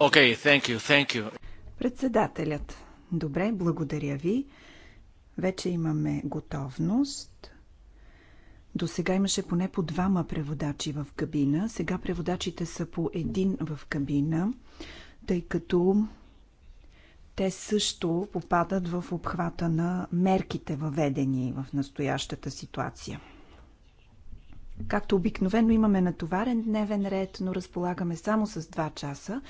Okay, thank you, thank you. Председателят. Добре, благодаря ви. Вече имаме готовност. До сега имаше поне по двама преводачи в кабина. Сега преводачите са по един в кабина, тъй като те също попадат в обхвата на мерките въведени в настоящата ситуация. Както обикновено имаме натоварен дневен ред, но разполагаме само с 2 часа,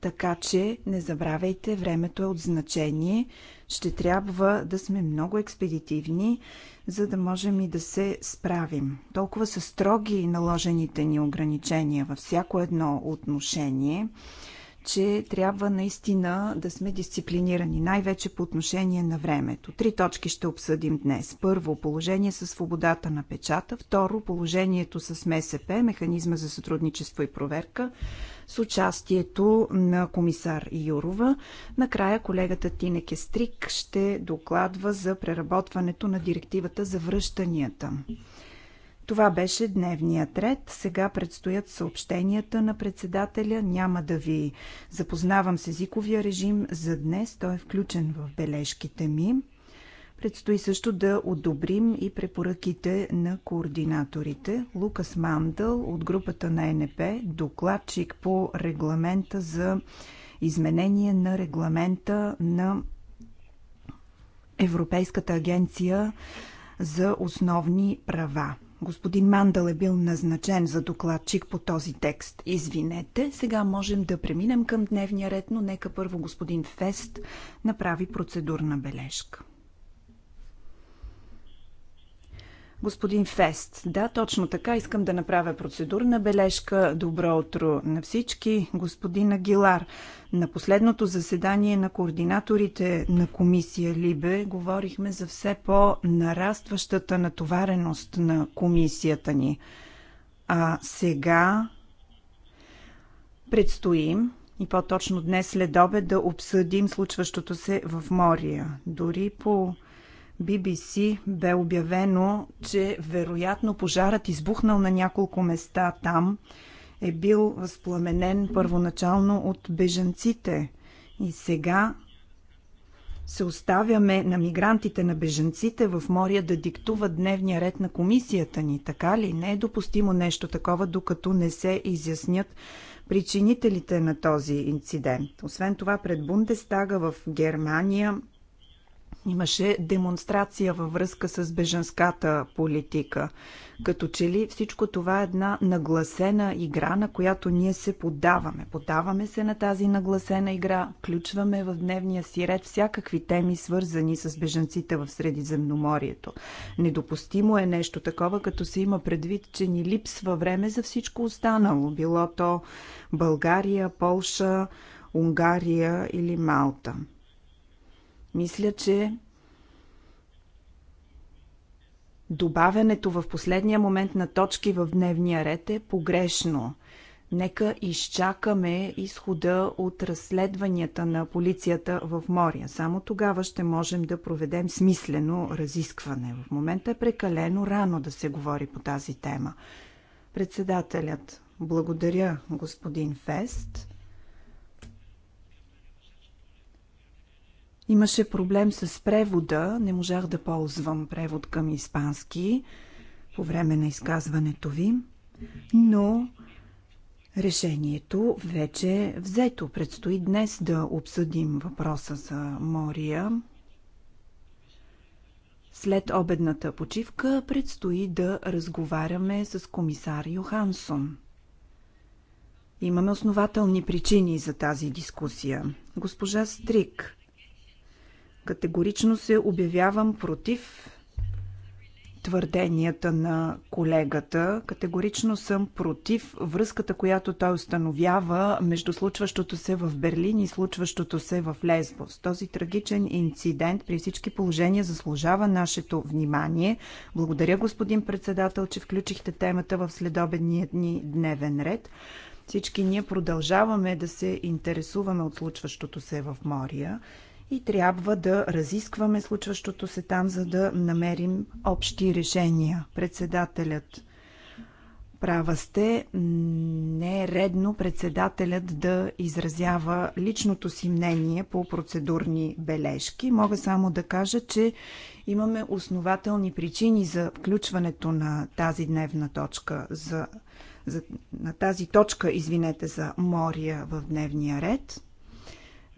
така че не забравяйте, времето е от значение. Ще трябва да сме много експедитивни, за да можем и да се справим. Толкова са строги наложените ни ограничения във всяко едно отношение – че трябва наистина да сме дисциплинирани, най-вече по отношение на времето. Три точки ще обсъдим днес. Първо, положение с свободата на печата. Второ, положението с МСП, механизма за сътрудничество и проверка, с участието на комисар Юрова. Накрая колегата Тине Кестрик ще докладва за преработването на директивата за връщанията. Това беше дневният ред. Сега предстоят съобщенията на председателя. Няма да ви запознавам с езиковия режим за днес. Той е включен в бележките ми. Предстои също да одобрим и препоръките на координаторите. Лукас Мандъл от групата на НП, докладчик по регламента за изменение на регламента на Европейската агенция за основни права. Господин Мандал е бил назначен за докладчик по този текст. Извинете, сега можем да преминем към дневния ред, но нека първо господин Фест направи процедурна бележка. Господин Фест, да, точно така. Искам да направя процедурна бележка. Добро утро на всички. Господин Агилар, на последното заседание на координаторите на комисия Либе говорихме за все по-нарастващата натовареност на комисията ни. А сега предстоим и по-точно днес след обед да обсъдим случващото се в Мория. Дори по BBC бе обявено, че вероятно пожарът избухнал на няколко места там, е бил възпламенен първоначално от бежанците. И сега се оставяме на мигрантите, на бежанците в моря да диктуват дневния ред на комисията ни. Така ли? Не е допустимо нещо такова, докато не се изяснят причинителите на този инцидент. Освен това, пред Бундестага в Германия Имаше демонстрация във връзка с беженската политика. Като че ли всичко това е една нагласена игра, на която ние се поддаваме. Поддаваме се на тази нагласена игра, включваме в дневния си ред всякакви теми, свързани с беженците в Средиземноморието. Недопустимо е нещо такова, като се има предвид, че ни липсва време за всичко останало. Било то България, Полша, Унгария или Малта. Мисля, че добавянето в последния момент на точки в дневния ред е погрешно. Нека изчакаме изхода от разследванията на полицията в моря. Само тогава ще можем да проведем смислено разискване. В момента е прекалено рано да се говори по тази тема. Председателят, благодаря господин Фест. Имаше проблем с превода. Не можах да ползвам превод към испански по време на изказването ви, но решението вече е взето. Предстои днес да обсъдим въпроса за Мория. След обедната почивка предстои да разговаряме с комисар Йохансон. Имаме основателни причини за тази дискусия. Госпожа Стрик Категорично се обявявам против твърденията на колегата. Категорично съм против връзката, която той установява между случващото се в Берлин и случващото се в Лесбос. Този трагичен инцидент при всички положения заслужава нашето внимание. Благодаря, господин председател, че включихте темата в следобедния ни дневен ред. Всички ние продължаваме да се интересуваме от случващото се в Мория и трябва да разискваме случващото се там, за да намерим общи решения. Председателят права сте, не е редно председателят да изразява личното си мнение по процедурни бележки. Мога само да кажа, че имаме основателни причини за включването на тази дневна точка за, за на тази точка, извинете, за мория в дневния ред.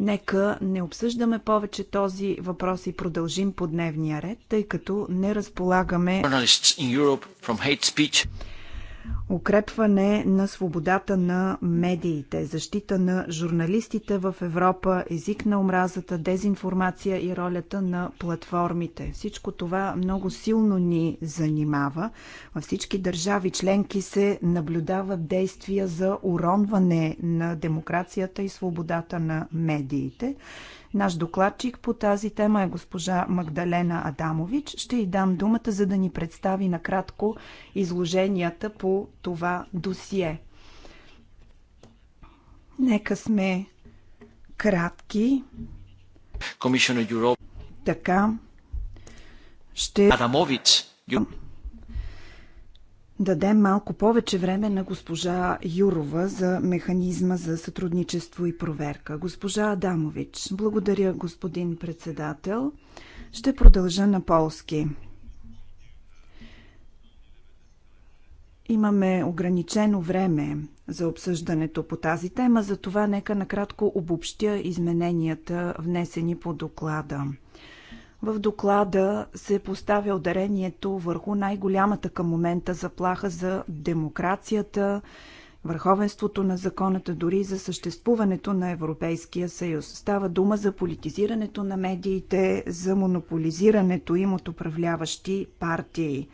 Нека не обсъждаме повече този въпрос и продължим по дневния ред, тъй като не разполагаме укрепване на свободата на медиите, защита на журналистите в Европа, език на омразата, дезинформация и ролята на платформите. Всичко това много силно ни занимава. Във всички държави членки се наблюдават действия за уронване на демокрацията и свободата на медиите. Наш докладчик по тази тема е госпожа Магдалена Адамович. Ще й дам думата, за да ни представи накратко изложенията по това досие. Нека сме кратки. Така ще... Адамович, дадем малко повече време на госпожа Юрова за механизма за сътрудничество и проверка. Госпожа Адамович, благодаря господин председател. Ще продължа на полски. Имаме ограничено време за обсъждането по тази тема, затова нека накратко обобщя измененията, внесени по доклада. В доклада се поставя ударението върху най-голямата към момента заплаха за демокрацията, върховенството на законата, дори за съществуването на Европейския съюз. Става дума за политизирането на медиите, за монополизирането им от управляващи партии.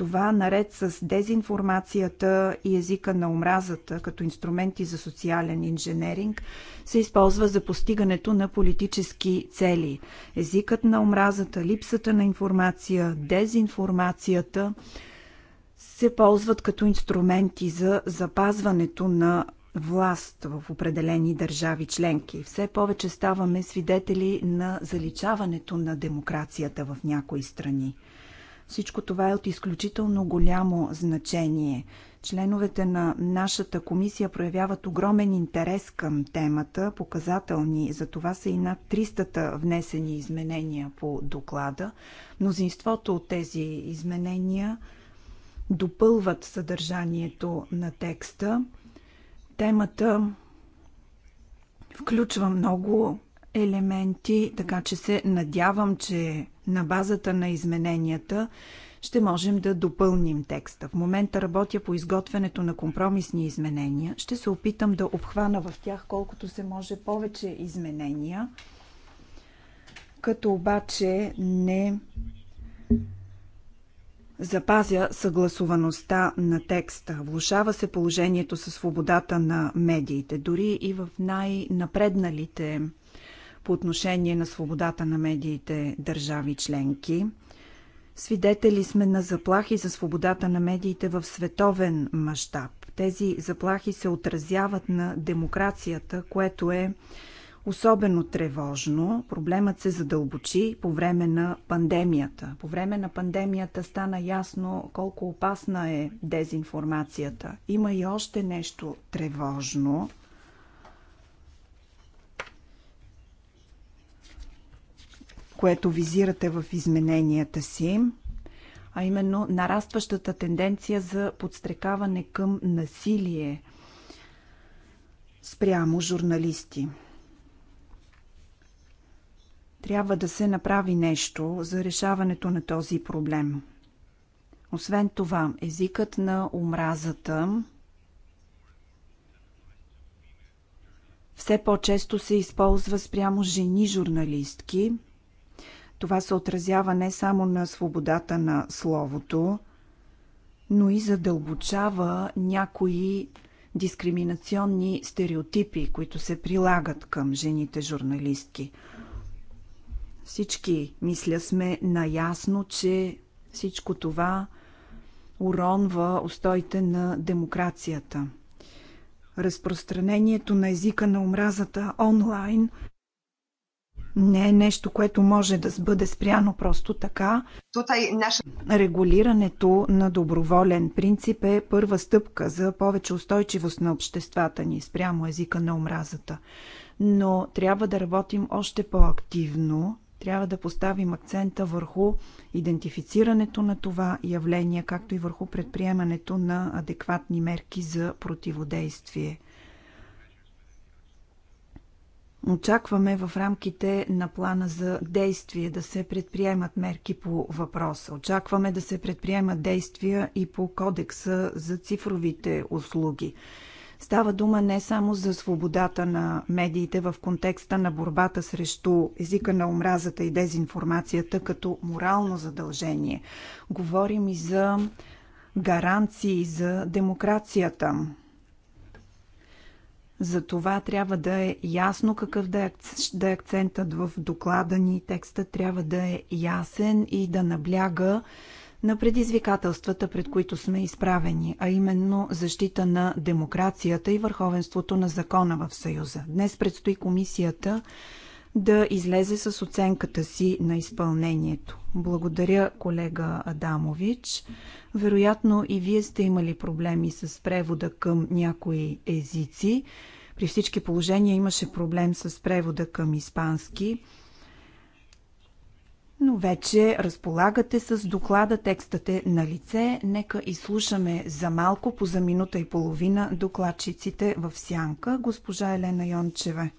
Това, наред с дезинформацията и езика на омразата като инструменти за социален инженеринг, се използва за постигането на политически цели. Езикът на омразата, липсата на информация, дезинформацията се ползват като инструменти за запазването на власт в определени държави членки. Все повече ставаме свидетели на заличаването на демокрацията в някои страни. Всичко това е от изключително голямо значение. Членовете на нашата комисия проявяват огромен интерес към темата, показателни. За това са и над 300-та внесени изменения по доклада. Мнозинството от тези изменения допълват съдържанието на текста. Темата включва много елементи, така че се надявам, че на базата на измененията ще можем да допълним текста. В момента работя по изготвянето на компромисни изменения. Ще се опитам да обхвана в тях колкото се може повече изменения, като обаче не запазя съгласуваността на текста. Влушава се положението със свободата на медиите. Дори и в най-напредналите по отношение на свободата на медиите държави членки. Свидетели сме на заплахи за свободата на медиите в световен мащаб. Тези заплахи се отразяват на демокрацията, което е особено тревожно. Проблемът се задълбочи по време на пандемията. По време на пандемията стана ясно колко опасна е дезинформацията. Има и още нещо тревожно. което визирате в измененията си, а именно нарастващата тенденция за подстрекаване към насилие спрямо журналисти. Трябва да се направи нещо за решаването на този проблем. Освен това, езикът на омразата все по-често се използва спрямо жени журналистки – това се отразява не само на свободата на словото, но и задълбочава някои дискриминационни стереотипи, които се прилагат към жените журналистки. Всички, мисля, сме наясно, че всичко това уронва устоите на демокрацията. Разпространението на езика на омразата онлайн не е нещо, което може да бъде спряно просто така. Регулирането на доброволен принцип е първа стъпка за повече устойчивост на обществата ни спрямо езика на омразата. Но трябва да работим още по-активно, трябва да поставим акцента върху идентифицирането на това явление, както и върху предприемането на адекватни мерки за противодействие – Очакваме в рамките на плана за действие да се предприемат мерки по въпроса. Очакваме да се предприемат действия и по кодекса за цифровите услуги. Става дума не само за свободата на медиите в контекста на борбата срещу езика на омразата и дезинформацията като морално задължение. Говорим и за гаранции за демокрацията. За това трябва да е ясно какъв да е, да е акцентът в доклада ни. Текстът трябва да е ясен и да набляга на предизвикателствата, пред които сме изправени, а именно защита на демокрацията и върховенството на закона в Съюза. Днес предстои комисията да излезе с оценката си на изпълнението. Благодаря, колега Адамович. Вероятно и вие сте имали проблеми с превода към някои езици. При всички положения имаше проблем с превода към испански. Но вече разполагате с доклада, текстът е на лице. Нека изслушаме за малко, по за минута и половина, докладчиците в сянка. Госпожа Елена Йончева.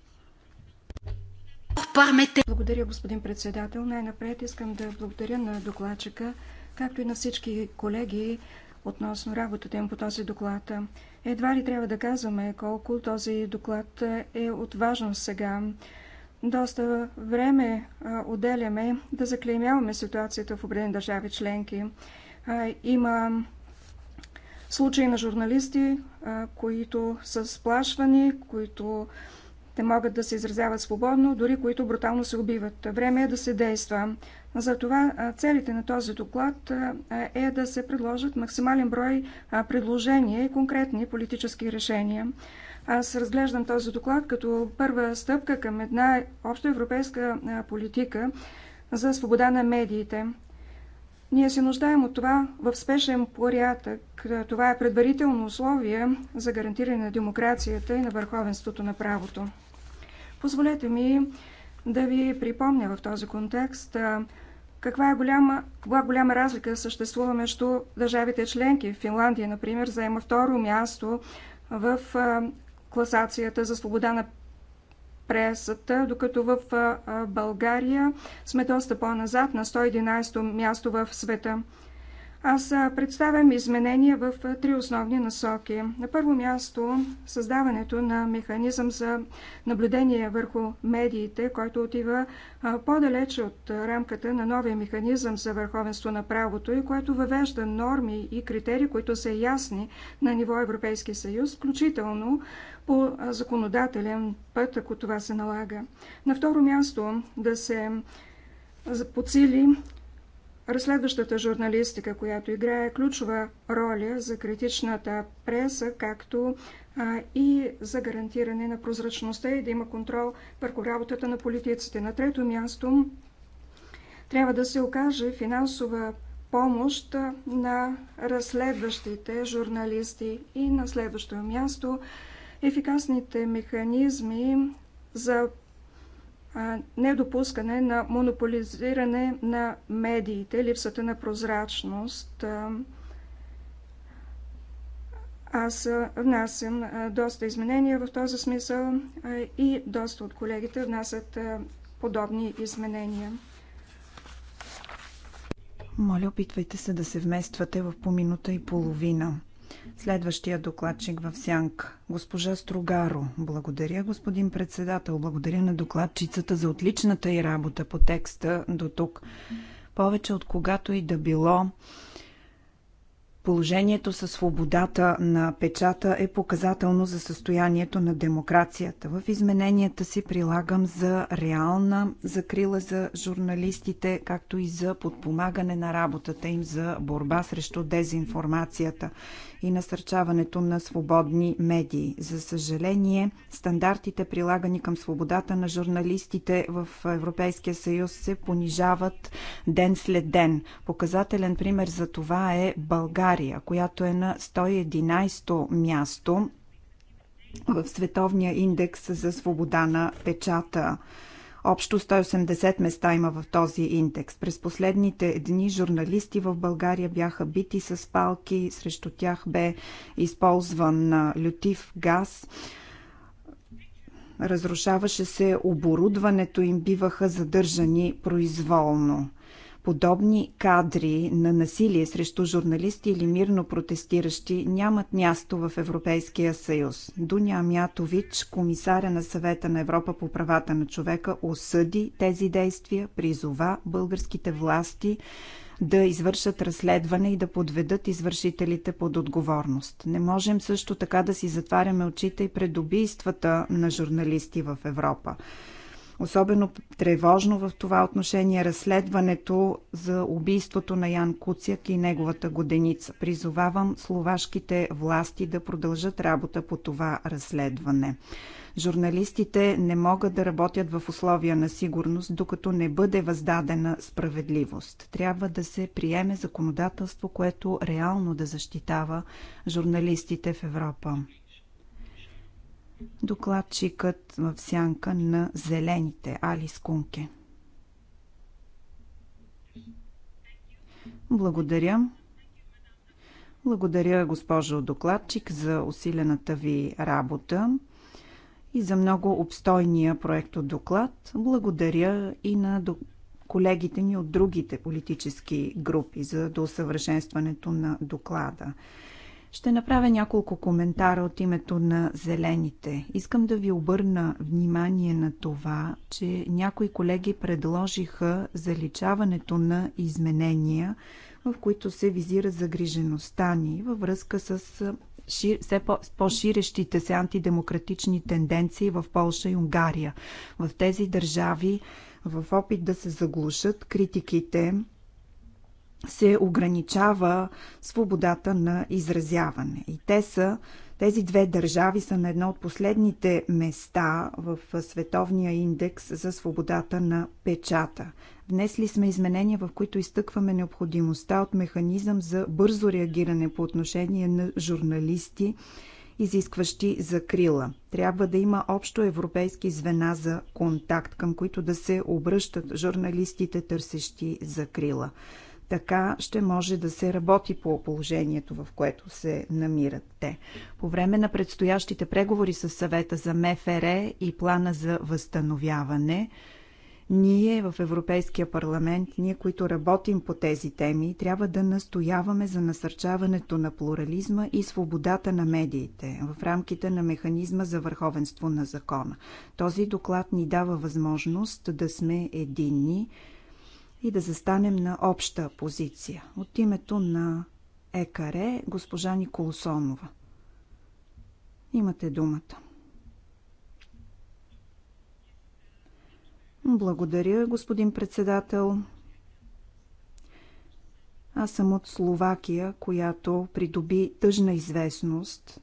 Благодаря, господин председател. Най-напред искам да благодаря на докладчика, както и на всички колеги относно работата им по този доклад. Едва ли трябва да казваме колко този доклад е от важност сега. Доста време отделяме да заклеймяваме ситуацията в определени държави членки. Има случаи на журналисти, които са сплашвани, които не могат да се изразяват свободно, дори които брутално се убиват. Време е да се действа. Затова целите на този доклад е да се предложат максимален брой предложения и конкретни политически решения. Аз разглеждам този доклад като първа стъпка към една общоевропейска политика за свобода на медиите. Ние се нуждаем от това в спешен порядък. Това е предварително условие за гарантиране на демокрацията и на върховенството на правото. Позволете ми да ви припомня в този контекст каква е голяма, каква голяма разлика съществува между държавите членки. Финландия, например, заема второ място в класацията за свобода на пресата, докато в България сме доста по-назад, на 111-то място в света. Аз представям изменения в три основни насоки. На първо място създаването на механизъм за наблюдение върху медиите, който отива по-далеч от рамката на новия механизъм за върховенство на правото и което въвежда норми и критерии, които са ясни на ниво Европейски съюз, включително по законодателен път, ако това се налага. На второ място да се подсили разследващата журналистика, която играе ключова роля за критичната преса, както а, и за гарантиране на прозрачността и да има контрол върху работата на политиците. На трето място трябва да се окаже финансова помощ на разследващите журналисти и на следващо място ефикасните механизми за недопускане на монополизиране на медиите, липсата на прозрачност. Аз внасям доста изменения в този смисъл и доста от колегите внасят подобни изменения. Моля, опитвайте се да се вмествате в по минута и половина. Следващия докладчик в сянка. Госпожа Строгаро. Благодаря, господин председател. Благодаря на докладчицата за отличната и работа по текста до тук. Повече от когато и да било, Положението със свободата на печата е показателно за състоянието на демокрацията. В измененията си прилагам за реална закрила за журналистите, както и за подпомагане на работата им за борба срещу дезинформацията и насърчаването на свободни медии. За съжаление, стандартите прилагани към свободата на журналистите в Европейския съюз се понижават ден след ден. Показателен пример за това е България, която е на 111-то място в световния индекс за свобода на печата. Общо 180 места има в този индекс. През последните дни журналисти в България бяха бити с палки, срещу тях бе използван лютив газ. Разрушаваше се оборудването им, биваха задържани произволно. Подобни кадри на насилие срещу журналисти или мирно протестиращи нямат място в Европейския съюз. Дуня Амятович, комисаря на съвета на Европа по правата на човека, осъди тези действия, призова българските власти да извършат разследване и да подведат извършителите под отговорност. Не можем също така да си затваряме очите и пред убийствата на журналисти в Европа. Особено тревожно в това отношение е разследването за убийството на Ян Куцяк и неговата годеница. Призовавам словашките власти да продължат работа по това разследване. Журналистите не могат да работят в условия на сигурност, докато не бъде въздадена справедливост. Трябва да се приеме законодателство, което реално да защитава журналистите в Европа докладчикът в сянка на зелените Алис Кунке. Благодаря. Благодаря, госпожо докладчик, за усилената ви работа и за много обстойния проект от доклад. Благодаря и на колегите ни от другите политически групи за доусъвършенстването на доклада. Ще направя няколко коментара от името на зелените. Искам да ви обърна внимание на това, че някои колеги предложиха заличаването на изменения, в които се визира загрижеността ни във връзка с шир, все по-ширещите се антидемократични тенденции в Полша и Унгария. В тези държави в опит да се заглушат критиките се ограничава свободата на изразяване. И те са, тези две държави са на едно от последните места в световния индекс за свободата на печата. Внесли сме изменения, в които изтъкваме необходимостта от механизъм за бързо реагиране по отношение на журналисти, изискващи закрила. Трябва да има общо европейски звена за контакт, към които да се обръщат журналистите, търсещи закрила. Така ще може да се работи по положението, в което се намират те. По време на предстоящите преговори с съвета за МФР и плана за възстановяване, ние в Европейския парламент, ние, които работим по тези теми, трябва да настояваме за насърчаването на плурализма и свободата на медиите в рамките на механизма за върховенство на закона. Този доклад ни дава възможност да сме единни и да застанем на обща позиция. От името на ЕКАРЕ, госпожа Николсонова. Имате думата. Благодаря, господин председател. Аз съм от Словакия, която придоби тъжна известност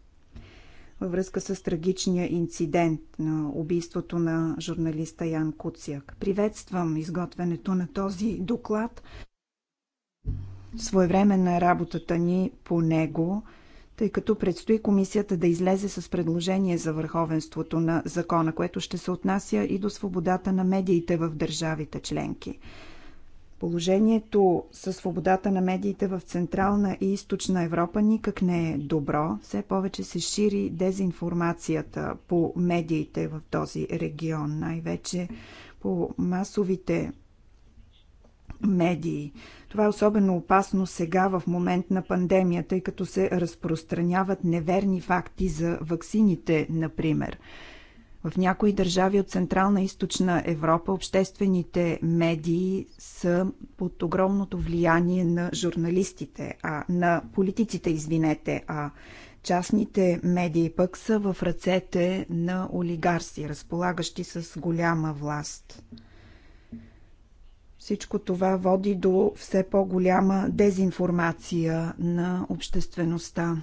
във връзка с трагичния инцидент на убийството на журналиста Ян Куцяк. Приветствам изготвянето на този доклад. Своевременна е работата ни по него, тъй като предстои комисията да излезе с предложение за върховенството на закона, което ще се отнася и до свободата на медиите в държавите членки. Положението със свободата на медиите в Централна и Източна Европа никак не е добро. Все повече се шири дезинформацията по медиите в този регион, най-вече по масовите медии. Това е особено опасно сега в момент на пандемията, тъй като се разпространяват неверни факти за ваксините, например. В някои държави от Централна и Източна Европа обществените медии са под огромното влияние на журналистите, а на политиците, извинете, а частните медии пък са в ръцете на олигарси, разполагащи с голяма власт. Всичко това води до все по-голяма дезинформация на обществеността.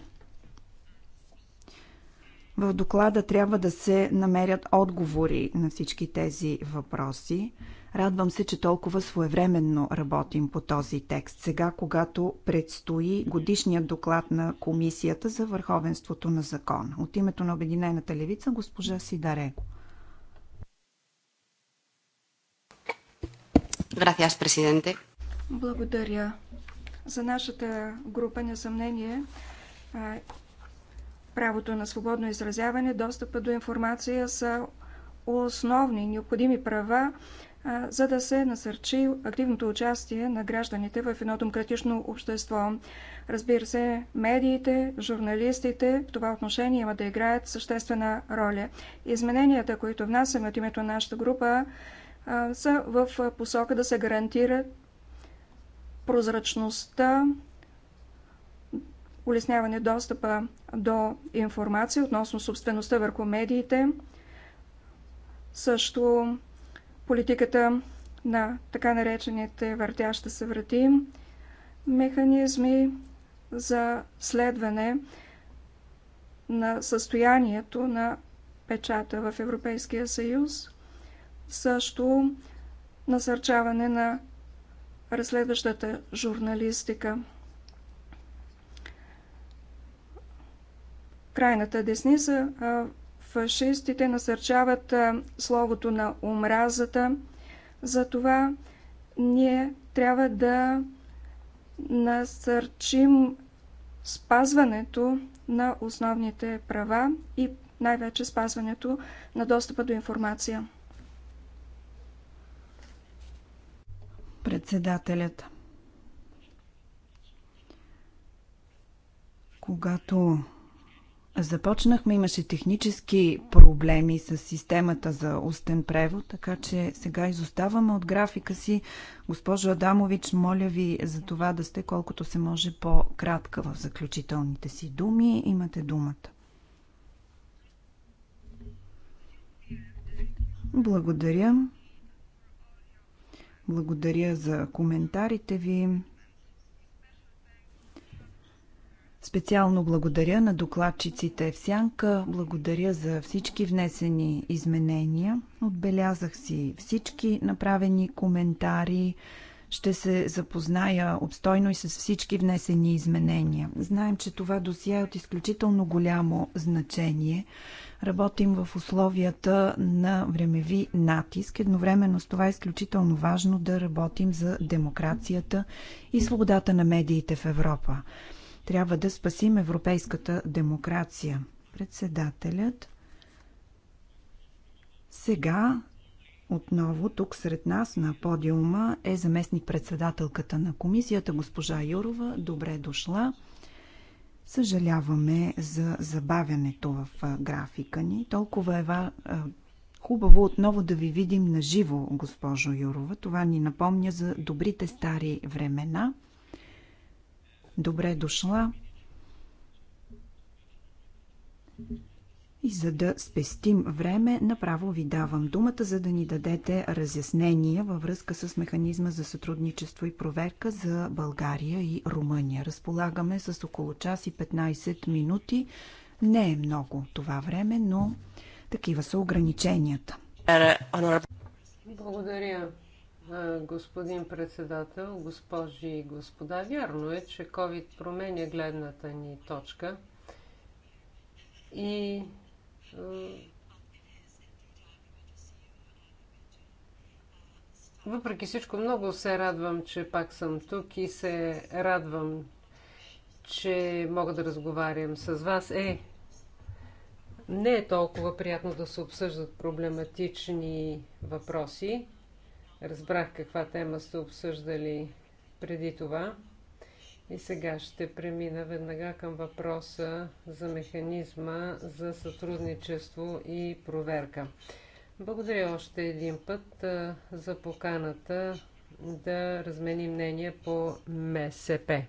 В доклада трябва да се намерят отговори на всички тези въпроси. Радвам се, че толкова своевременно работим по този текст. Сега, когато предстои годишният доклад на Комисията за върховенството на закон. От името на Обединената левица, госпожа Сидареко. Gracias, президенте. Благодаря. За нашата група, несъмнение, правото на свободно изразяване, достъпа до информация са основни необходими права, за да се насърчи активното участие на гражданите в едно демократично общество. Разбира се, медиите, журналистите в това отношение има да играят съществена роля. Измененията, които внасяме от името на нашата група, са в посока да се гарантира прозрачността улесняване достъпа до информация относно собствеността върху медиите, също политиката на така наречените въртящи се врати, механизми за следване на състоянието на печата в Европейския съюз, също насърчаване на разследващата журналистика. крайната десница, фашистите насърчават словото на омразата. Затова ние трябва да насърчим спазването на основните права и най-вече спазването на достъпа до информация. Председателят. Когато Започнахме, имаше технически проблеми с системата за устен превод, така че сега изоставаме от графика си. Госпожо Адамович, моля ви за това да сте колкото се може по-кратка в заключителните си думи. Имате думата. Благодаря. Благодаря за коментарите ви. Специално благодаря на докладчиците в Сянка, благодаря за всички внесени изменения. Отбелязах си всички направени коментари, ще се запозная обстойно и с всички внесени изменения. Знаем, че това досие е от изключително голямо значение. Работим в условията на времеви натиск. Едновременно с това е изключително важно да работим за демокрацията и свободата на медиите в Европа. Трябва да спасим европейската демокрация. Председателят. Сега отново тук сред нас на подиума е заместник-председателката на комисията госпожа Юрова. Добре дошла. Съжаляваме за забавянето в графика ни. Толкова е ва... хубаво отново да ви видим на живо, госпожо Юрова. Това ни напомня за добрите стари времена добре дошла. И за да спестим време, направо ви давам думата, за да ни дадете разяснения във връзка с механизма за сътрудничество и проверка за България и Румъния. Разполагаме с около час и 15 минути. Не е много това време, но такива са ограниченията. Благодаря господин председател, госпожи и господа. Вярно е, че COVID променя гледната ни точка и въпреки всичко много се радвам, че пак съм тук и се радвам, че мога да разговарям с вас. Е, не е толкова приятно да се обсъждат проблематични въпроси, Разбрах каква тема сте обсъждали преди това. И сега ще премина веднага към въпроса за механизма за сътрудничество и проверка. Благодаря още един път за поканата да размени мнение по МСП.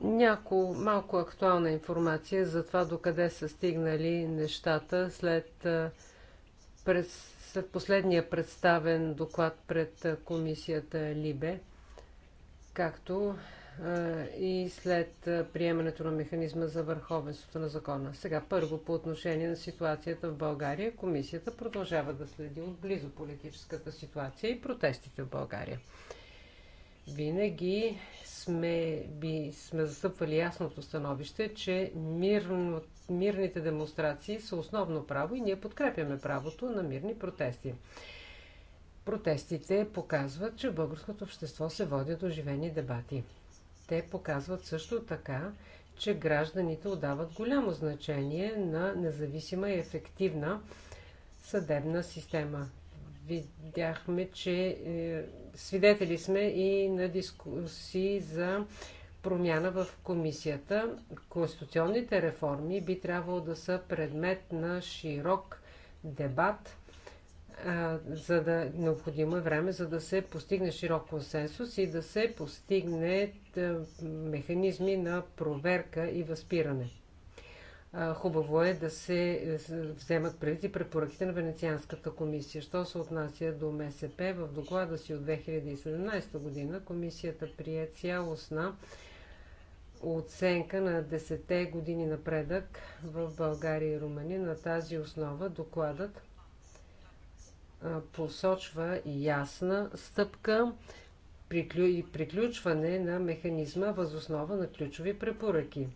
няко, малко актуална информация за това докъде са стигнали нещата след а, през, след последния представен доклад пред комисията Либе, както и след приемането на механизма за върховенството на закона. Сега първо по отношение на ситуацията в България, комисията продължава да следи отблизо политическата ситуация и протестите в България. Винаги сме, би, сме застъпвали ясното становище, че мирното мирните демонстрации са основно право и ние подкрепяме правото на мирни протести. Протестите показват, че българското общество се води до живени дебати. Те показват също така, че гражданите отдават голямо значение на независима и ефективна съдебна система. Видяхме, че е, свидетели сме и на дискусии за промяна в комисията. Конституционните реформи би трябвало да са предмет на широк дебат, за да необходимо е време, за да се постигне широк консенсус и да се постигне механизми на проверка и възпиране. хубаво е да се вземат преди препоръките на Венецианската комисия. Що се отнася до МСП, в доклада си от 2017 година комисията прие цялостна оценка на 10 години напредък в България и Румъния. На тази основа докладът посочва ясна стъпка и приключване на механизма възоснова на ключови препоръки.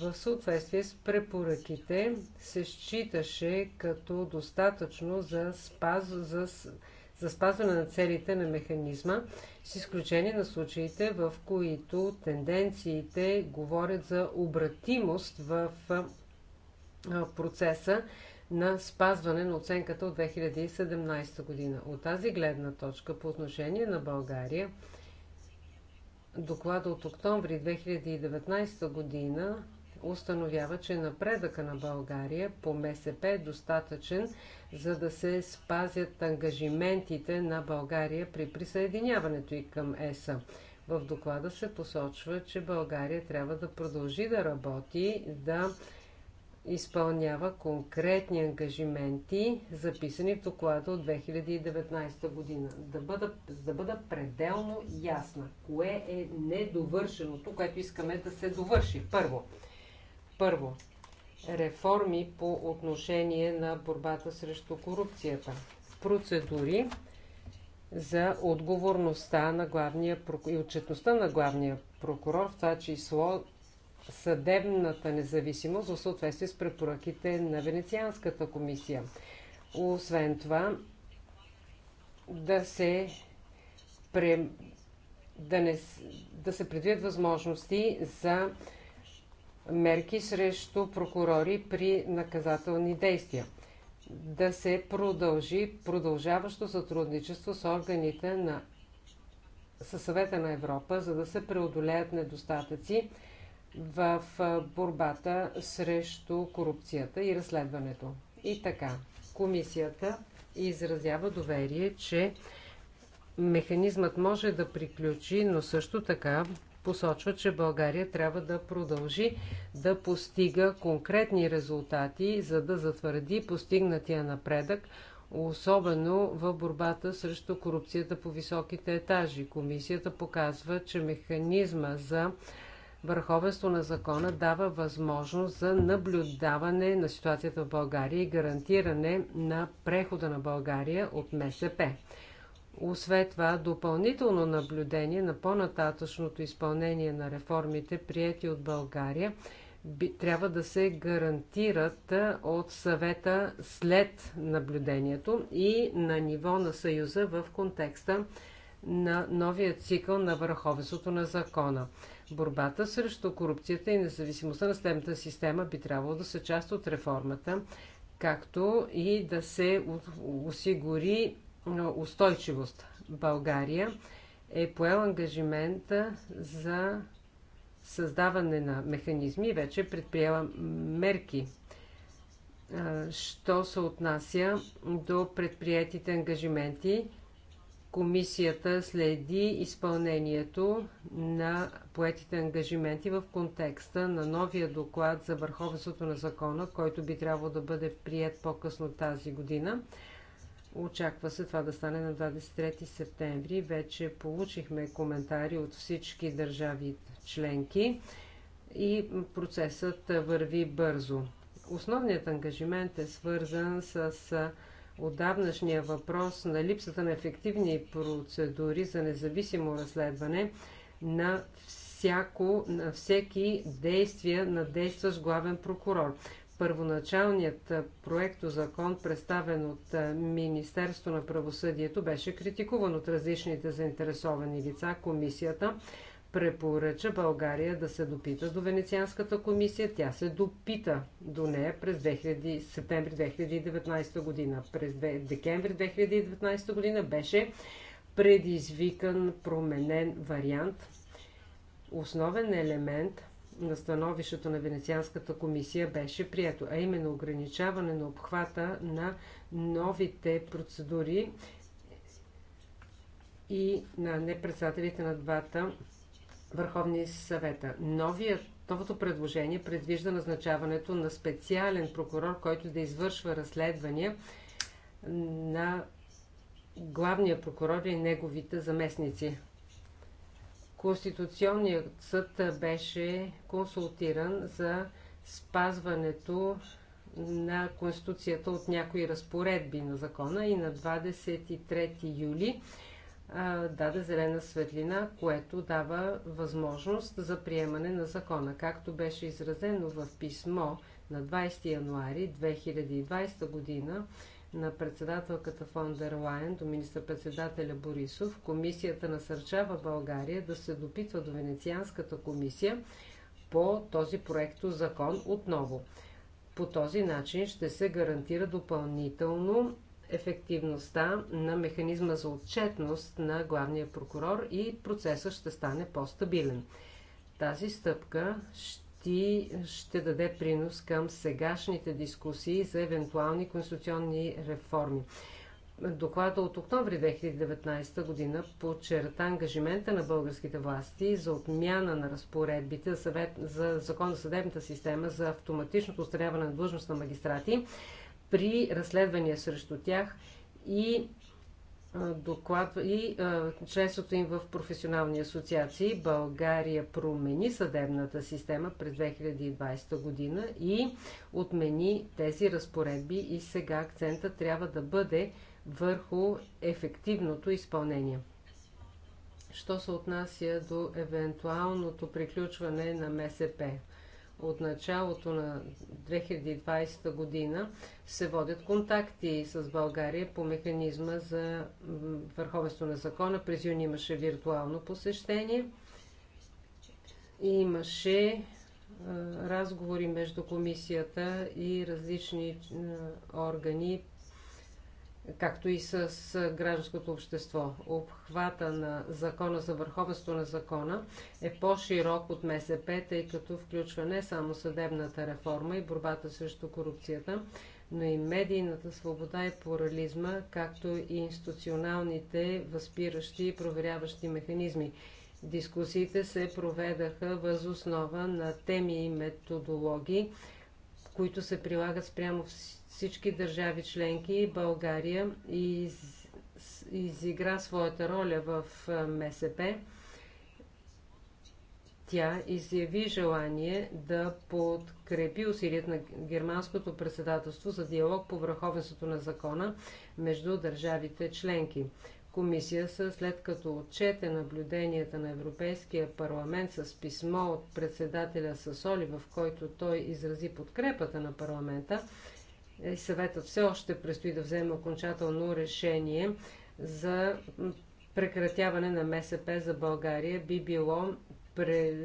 В съответствие с препоръките се считаше като достатъчно за, спаз, за за спазване на целите на механизма, с изключение на случаите, в които тенденциите говорят за обратимост в процеса на спазване на оценката от 2017 година. От тази гледна точка по отношение на България, доклада от октомври 2019 година установява, че напредъка на България по МСП е достатъчен, за да се спазят ангажиментите на България при присъединяването и към ЕСА. В доклада се посочва, че България трябва да продължи да работи, да изпълнява конкретни ангажименти, записани в доклада от 2019 година. Да бъда, да бъда пределно ясна, кое е недовършеното, което искаме да се довърши. Първо, първо, реформи по отношение на борбата срещу корупцията. Процедури за отговорността на главния и отчетността на главния прокурор, в това число съдебната независимост в съответствие с препоръките на Венецианската комисия. Освен това, да се, пре... да не... да се предвидят възможности за мерки срещу прокурори при наказателни действия. Да се продължи продължаващо сътрудничество с органите на със съвета на Европа, за да се преодолеят недостатъци в борбата срещу корупцията и разследването. И така, комисията изразява доверие, че механизмът може да приключи, но също така посочва, че България трябва да продължи да постига конкретни резултати, за да затвърди постигнатия напредък, особено в борбата срещу корупцията по високите етажи. Комисията показва, че механизма за върховенство на закона дава възможност за наблюдаване на ситуацията в България и гарантиране на прехода на България от МСП. Освен това, допълнително наблюдение на по-нататъчното изпълнение на реформите, прияти от България, би, трябва да се гарантират от съвета след наблюдението и на ниво на Съюза в контекста на новия цикъл на върховенството на закона. Борбата срещу корупцията и независимостта на съдебната система би трябвало да са част от реформата, както и да се осигури устойчивост. България е поел ангажимента за създаване на механизми, и вече е предприела мерки. Що се отнася до предприятите ангажименти, комисията следи изпълнението на поетите ангажименти в контекста на новия доклад за върховенството на закона, който би трябвало да бъде прият по-късно тази година. Очаква се това да стане на 23 септември. Вече получихме коментари от всички държави членки и процесът върви бързо. Основният ангажимент е свързан с отдавнашния въпрос на липсата на ефективни процедури за независимо разследване на всяко, на всеки действия на действащ главен прокурор. Първоначалният проект закон, представен от Министерство на правосъдието, беше критикуван от различните заинтересовани лица. Комисията препоръча България да се допита до Венецианската комисия. Тя се допита до нея през 2000, септември 2019 година. През декември 2019 година беше предизвикан променен вариант. Основен елемент – на становището на Венецианската комисия беше прието, а именно ограничаване на обхвата на новите процедури и на непредседателите на двата върховни съвета. Новият Новото предложение предвижда назначаването на специален прокурор, който да извършва разследвания на главния прокурор и неговите заместници. Конституционният съд беше консултиран за спазването на Конституцията от някои разпоредби на закона и на 23 юли а, даде зелена светлина, което дава възможност за приемане на закона. Както беше изразено в писмо на 20 януари 2020 година, на председателката фон дер Лайен до министър-председателя Борисов, комисията насърчава България да се допитва до Венецианската комисия по този проекто закон отново. По този начин ще се гарантира допълнително ефективността на механизма за отчетност на главния прокурор и процесът ще стане по-стабилен. Тази стъпка ще ти ще даде принос към сегашните дискусии за евентуални конституционни реформи. Доклада от октомври 2019 година подчерта ангажимента на българските власти за отмяна на разпоредбите за Закон за съдебната система за автоматичното устраняване на длъжност на магистрати при разследвания срещу тях и докладва и членството им в професионални асоциации. България промени съдебната система през 2020 година и отмени тези разпоредби и сега акцента трябва да бъде върху ефективното изпълнение. Що се отнася до евентуалното приключване на МСП? от началото на 2020 година се водят контакти с България по механизма за върховенство на закона. През юни имаше виртуално посещение. И имаше разговори между комисията и различни органи както и с гражданското общество. Обхвата на закона за върховенство на закона е по-широк от МСП, тъй като включва не само съдебната реформа и борбата срещу корупцията, но и медийната свобода и плурализма, както и институционалните възпиращи и проверяващи механизми. Дискусиите се проведаха въз основа на теми и методологии, които се прилагат спрямо всички държави членки. и България и изигра своята роля в МСП. Тя изяви желание да подкрепи усилият на германското председателство за диалог по върховенството на закона между държавите членки. Комисията, след като отчете наблюденията на Европейския парламент с писмо от председателя Сасоли, в който той изрази подкрепата на парламента, е, съветът все още предстои да вземе окончателно решение за прекратяване на МСП за България. Би било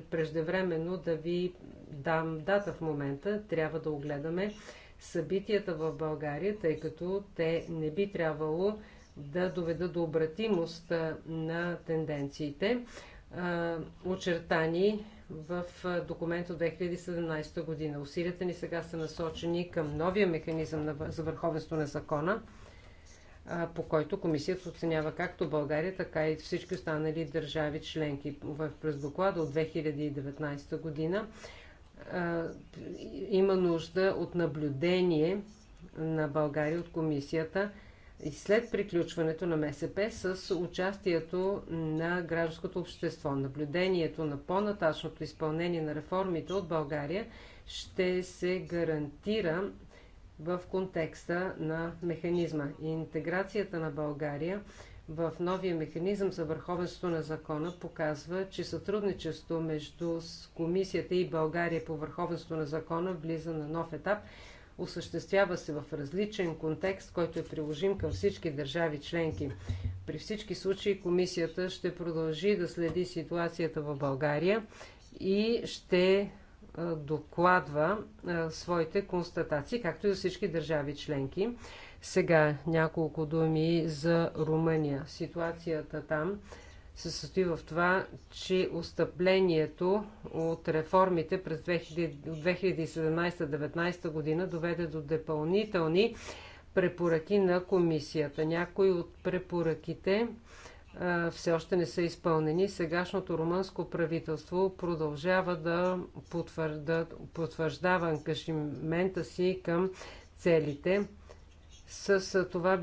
преждевременно да ви дам дата в момента. Трябва да огледаме събитията в България, тъй като те не би трябвало да доведат до обратимост на тенденциите, очертани в документ от 2017 година. Усилията ни сега са насочени към новия механизъм за върховенство на закона, по който комисията оценява както България, така и всички останали държави членки. В през доклада от 2019 година има нужда от наблюдение на България от комисията – и след приключването на МСП с участието на гражданското общество. Наблюдението на по натачното изпълнение на реформите от България ще се гарантира в контекста на механизма. Интеграцията на България в новия механизъм за върховенство на закона показва, че сътрудничество между Комисията и България по върховенство на закона влиза на нов етап – осъществява се в различен контекст, който е приложим към всички държави членки. При всички случаи комисията ще продължи да следи ситуацията в България и ще докладва своите констатации, както и за всички държави членки. Сега няколко думи за Румъния. Ситуацията там се състои в това, че отстъплението от реформите през 2017-2019 година доведе до допълнителни препоръки на комисията. Някои от препоръките а, все още не са изпълнени. Сегашното румънско правителство продължава да потвърждава ангажимента си към целите. С това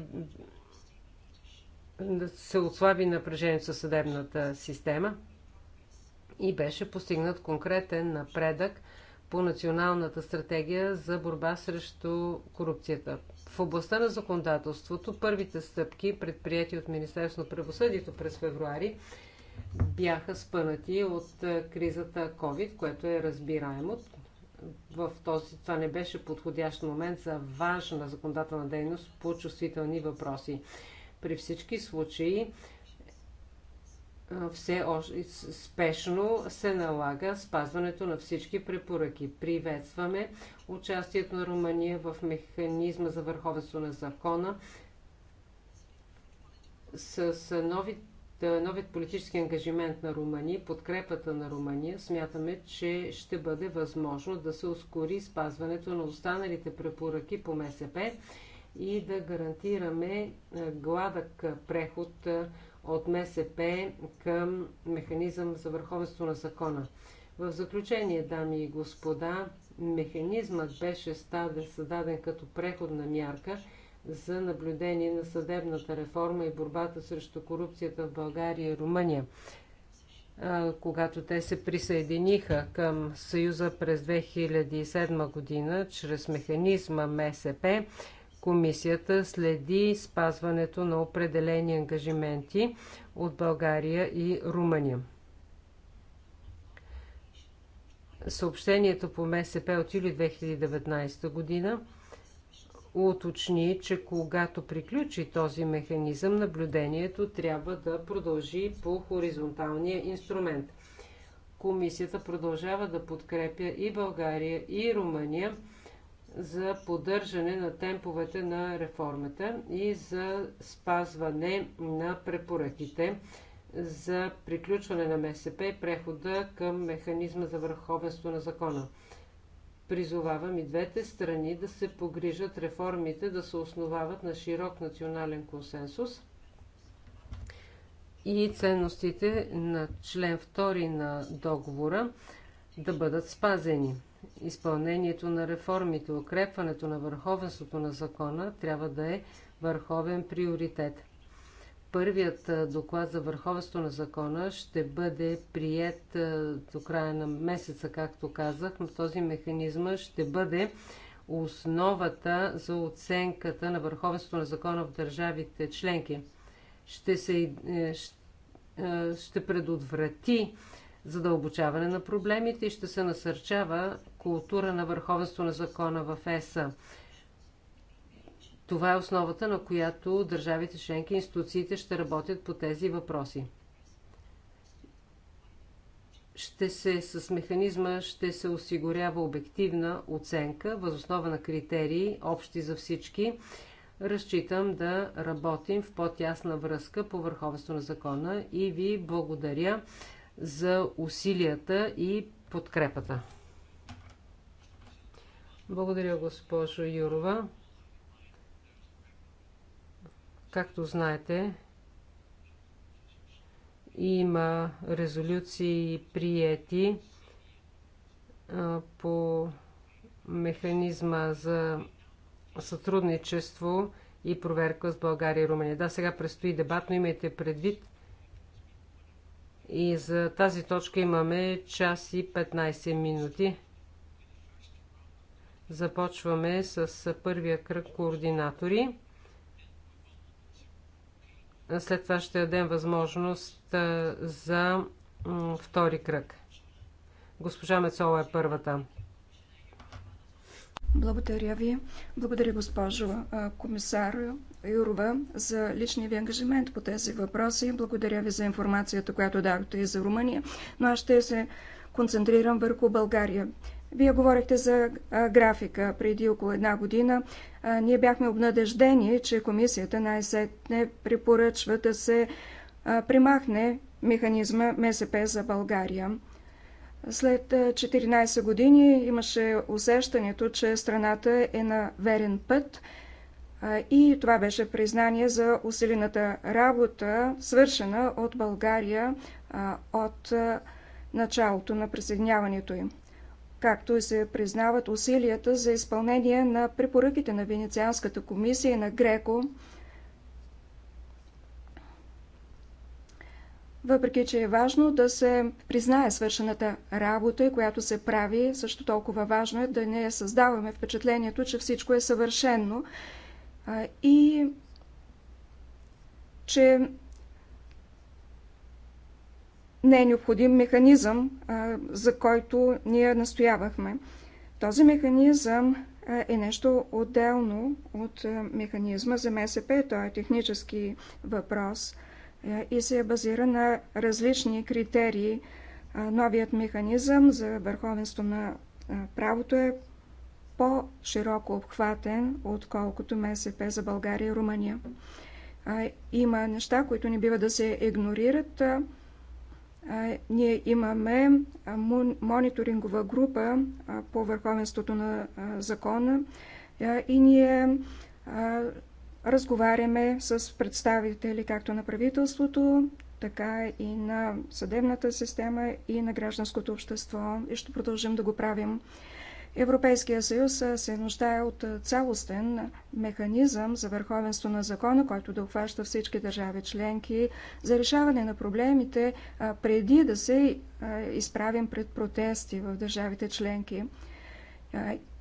да се отслаби напрежението със съдебната система и беше постигнат конкретен напредък по Националната стратегия за борба срещу корупцията. В областта на законодателството първите стъпки, предприяти от Министерство на правосъдието през февруари, бяха спънати от е, кризата COVID, което е разбираемо. В този, това не беше подходящ момент за важна законодателна дейност по чувствителни въпроси. При всички случаи все още спешно се налага спазването на всички препоръки. Приветстваме участието на Румъния в механизма за върховенство на закона. С нови новият политически ангажимент на Румъния, подкрепата на Румъния, смятаме, че ще бъде възможно да се ускори спазването на останалите препоръки по МСП и да гарантираме е, гладък преход е, от МСП към механизъм за върховенство на закона. В заключение, дами и господа, механизмът беше създаден като преходна мярка за наблюдение на съдебната реформа и борбата срещу корупцията в България и Румъния. Е, когато те се присъединиха към Съюза през 2007 година чрез механизма МСП, Комисията следи спазването на определени ангажименти от България и Румъния. Съобщението по МСП от юли 2019 година уточни, че когато приключи този механизъм, наблюдението трябва да продължи по хоризонталния инструмент. Комисията продължава да подкрепя и България, и Румъния за поддържане на темповете на реформата и за спазване на препоръките за приключване на МСП и прехода към механизма за върховенство на закона. Призовавам и двете страни да се погрижат реформите да се основават на широк национален консенсус и ценностите на член 2 на договора да бъдат спазени изпълнението на реформите, укрепването на върховенството на закона трябва да е върховен приоритет. Първият доклад за върховенство на закона ще бъде прият до края на месеца, както казах, но този механизъм ще бъде основата за оценката на върховенството на закона в държавите членки. Ще, се, е, е, ще предотврати задълбочаване на проблемите и ще се насърчава култура на върховенство на закона в ЕСА. Това е основата, на която държавите членки и институциите ще работят по тези въпроси. Ще се, с механизма ще се осигурява обективна оценка, възоснова на критерии, общи за всички. Разчитам да работим в по-тясна връзка по върховенство на закона и ви благодаря за усилията и подкрепата. Благодаря, госпожо Юрова. Както знаете, има резолюции приети по механизма за сътрудничество и проверка с България и Румъния. Да, сега предстои дебат, но имайте предвид, и за тази точка имаме час и 15 минути. Започваме с първия кръг координатори. След това ще дадем възможност за втори кръг. Госпожа Мецова е първата. Благодаря ви. Благодаря, госпожо комисар, Юрова за личния ви ангажимент по тези въпроси. Благодаря ви за информацията, която дадохте и за Румъния, но аз ще се концентрирам върху България. Вие говорихте за графика преди около една година. Ние бяхме обнадеждени, че комисията най-сетне препоръчва да се примахне механизма МСП за България. След 14 години имаше усещането, че страната е на верен път и това беше признание за усилената работа, свършена от България от началото на присъединяването им. Както и се признават усилията за изпълнение на препоръките на Венецианската комисия и на Греко, Въпреки, че е важно да се признае свършената работа, която се прави, също толкова важно е да не създаваме впечатлението, че всичко е съвършено и че не е необходим механизъм, за който ние настоявахме. Този механизъм е нещо отделно от механизма за МСП. Той е технически въпрос и се базира на различни критерии. Новият механизъм за върховенство на правото е по-широко обхватен, отколкото МСП за България и Румъния. Има неща, които не бива да се игнорират. Ние имаме мониторингова група по върховенството на закона и ние разговаряме с представители както на правителството, така и на съдебната система и на гражданското общество и ще продължим да го правим. Европейския съюз се нуждае от цялостен механизъм за върховенство на закона, който да обхваща всички държави членки за решаване на проблемите преди да се изправим пред протести в държавите членки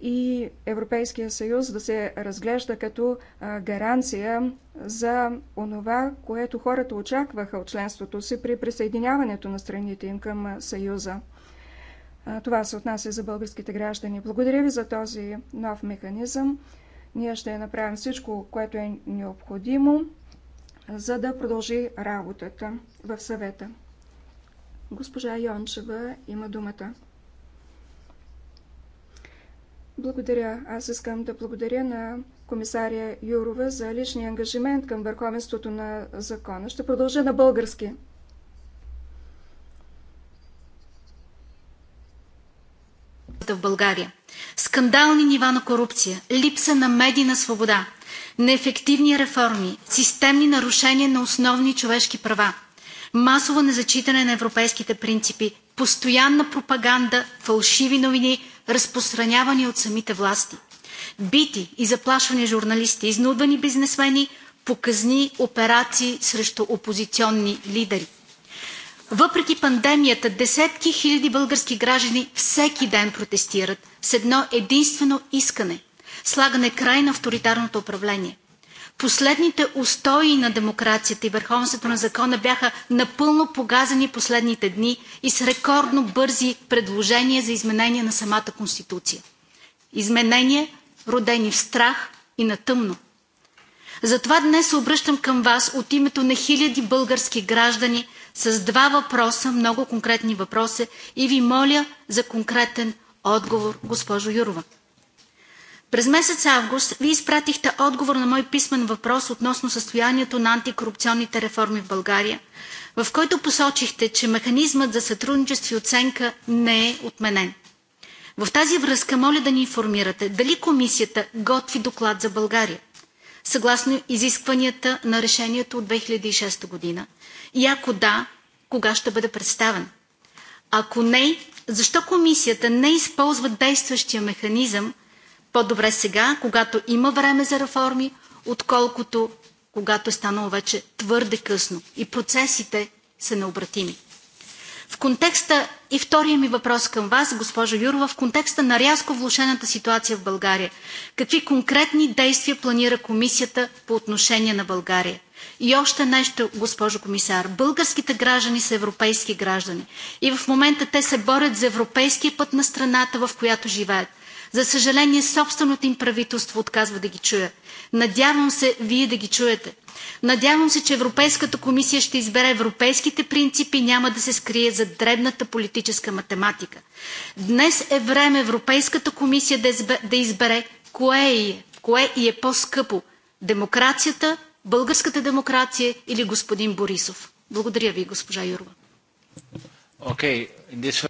и Европейския съюз да се разглежда като гаранция за онова, което хората очакваха от членството си при присъединяването на страните им към Съюза. Това се отнася за българските граждани. Благодаря ви за този нов механизъм. Ние ще направим всичко, което е необходимо, за да продължи работата в съвета. Госпожа Йончева има думата. Благодаря. Аз искам да благодаря на комисаря Юрова за личния ангажимент към върховенството на закона. Ще продължа на български. в България. Скандални нива на корупция, липса на медийна свобода, неефективни реформи, системни нарушения на основни човешки права, масово незачитане на европейските принципи, постоянна пропаганда, фалшиви новини, разпространявани от самите власти. Бити и заплашвани журналисти, изнудвани бизнесмени, показни операции срещу опозиционни лидери – въпреки пандемията, десетки хиляди български граждани всеки ден протестират с едно единствено искане – слагане край на авторитарното управление. Последните устои на демокрацията и върховенството на закона бяха напълно погазани последните дни и с рекордно бързи предложения за изменение на самата Конституция. Изменения, родени в страх и на тъмно. Затова днес се обръщам към вас от името на хиляди български граждани – с два въпроса, много конкретни въпроса и ви моля за конкретен отговор, госпожо Юрова. През месец август Вие изпратихте отговор на мой писмен въпрос относно състоянието на антикорупционните реформи в България, в който посочихте, че механизмът за сътрудничество и оценка не е отменен. В тази връзка моля да ни информирате дали комисията готви доклад за България, съгласно изискванията на решението от 2006 година, и ако да, кога ще бъде представен? Ако не, защо комисията не използва действащия механизъм по-добре сега, когато има време за реформи, отколкото когато е станало вече твърде късно и процесите са необратими? В контекста и втория ми въпрос към вас, госпожо Юрова, в контекста на рязко влушената ситуация в България. Какви конкретни действия планира комисията по отношение на България? И още нещо, госпожо комисар. Българските граждани са европейски граждани. И в момента те се борят за европейския път на страната, в която живеят. За съжаление, собственото им правителство отказва да ги чуе. Надявам се, вие да ги чуете. Надявам се, че Европейската комисия ще избере европейските принципи и няма да се скрие за дребната политическа математика. Днес е време Европейската комисия да избере кое е, кое и е по-скъпо – демокрацията, българската демокрация или господин Борисов. Благодаря ви, госпожа Юрва. Okay, this...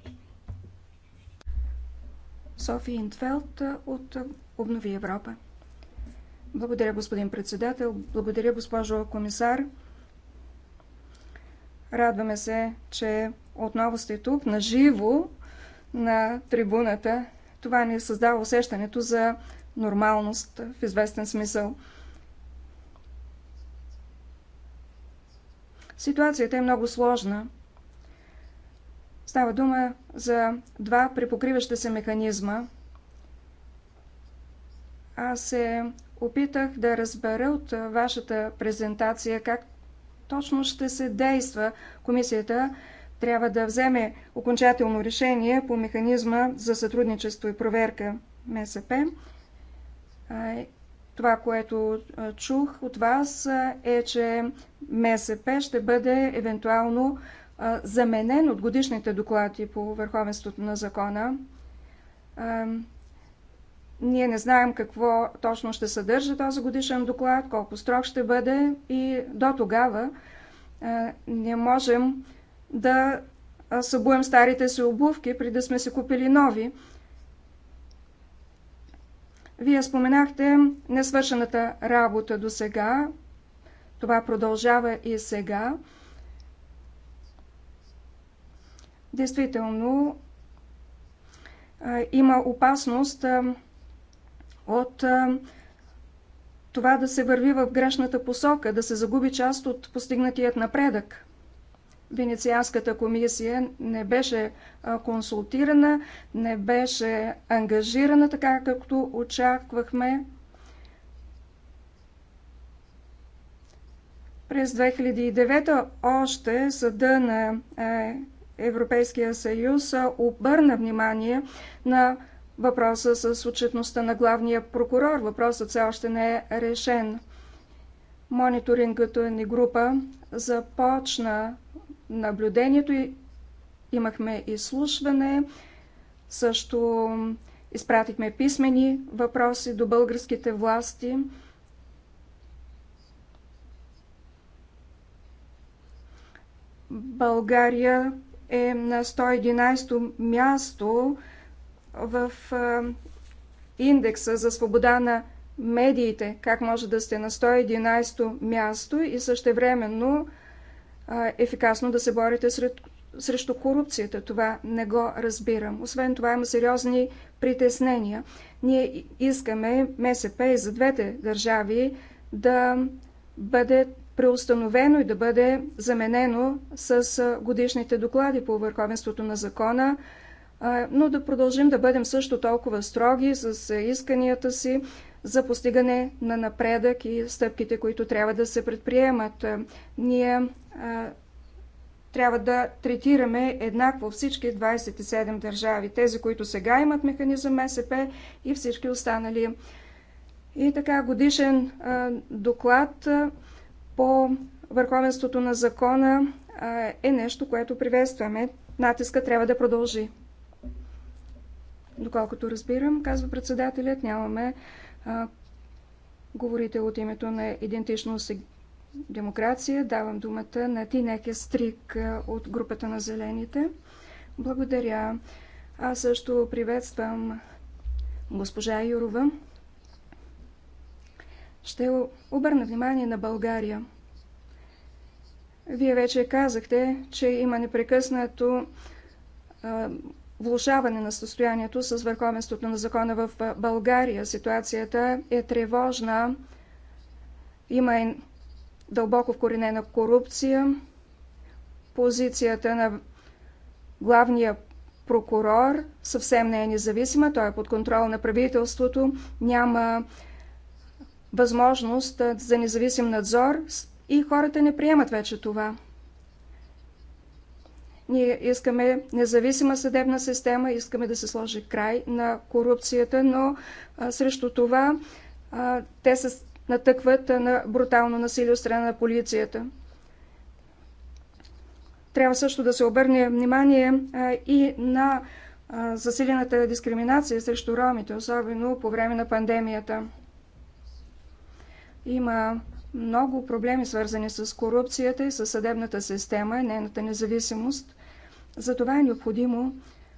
Софи Интфелд от Обнови Европа. Благодаря, господин председател. Благодаря, госпожо комисар. Радваме се, че отново сте тук, наживо, на трибуната. Това ни създава усещането за нормалност в известен смисъл. Ситуацията е много сложна. Става дума за два припокриващи се механизма. Аз се опитах да разбера от вашата презентация как точно ще се действа. Комисията трябва да вземе окончателно решение по механизма за сътрудничество и проверка МСП. Това, което чух от вас е, че МСП ще бъде евентуално заменен от годишните доклади по върховенството на закона. Ние не знаем какво точно ще съдържа този годишен доклад, колко строг ще бъде и до тогава не можем да събуем старите си обувки, преди да сме си купили нови. Вие споменахте несвършената работа до сега. Това продължава и сега. действително има опасност от това да се върви в грешната посока, да се загуби част от постигнатият напредък. Венецианската комисия не беше консултирана, не беше ангажирана така, както очаквахме. През 2009 още съда на е, Европейския съюз обърна внимание на въпроса с отчетността на главния прокурор. Въпросът все още не е решен. Мониторингът ни група започна наблюдението и имахме изслушване, също изпратихме писмени въпроси до българските власти. България е на 111-то място в индекса за свобода на медиите. Как може да сте на 111-то място и същевременно ефикасно да се борите срещу корупцията. Това не го разбирам. Освен това има сериозни притеснения. Ние искаме МСП и за двете държави да бъде преустановено и да бъде заменено с годишните доклади по върховенството на закона, но да продължим да бъдем също толкова строги с исканията си за постигане на напредък и стъпките, които трябва да се предприемат. Ние трябва да третираме еднакво всички 27 държави, тези, които сега имат механизъм МСП и всички останали. И така годишен доклад по върховенството на закона е нещо, което приветстваме. Натиска трябва да продължи. Доколкото разбирам, казва председателят, нямаме а, говорите от името на идентичност и демокрация. Давам думата на Тинеке Стрик от групата на зелените. Благодаря. Аз също приветствам госпожа Юрова. Ще обърна внимание на България. Вие вече казахте, че има непрекъснато влушаване на състоянието с върховенството на закона в България. Ситуацията е тревожна. Има и дълбоко вкоренена корупция. Позицията на главния прокурор съвсем не е независима. Той е под контрол на правителството. Няма възможност за независим надзор и хората не приемат вече това. Ние искаме независима съдебна система, искаме да се сложи край на корупцията, но а, срещу това а, те се натъкват на брутално насилие от страна на полицията. Трябва също да се обърне внимание а, и на а, засилената дискриминация срещу ромите, особено по време на пандемията. Има много проблеми, свързани с корупцията и с съдебната система и нейната независимост. Затова е необходимо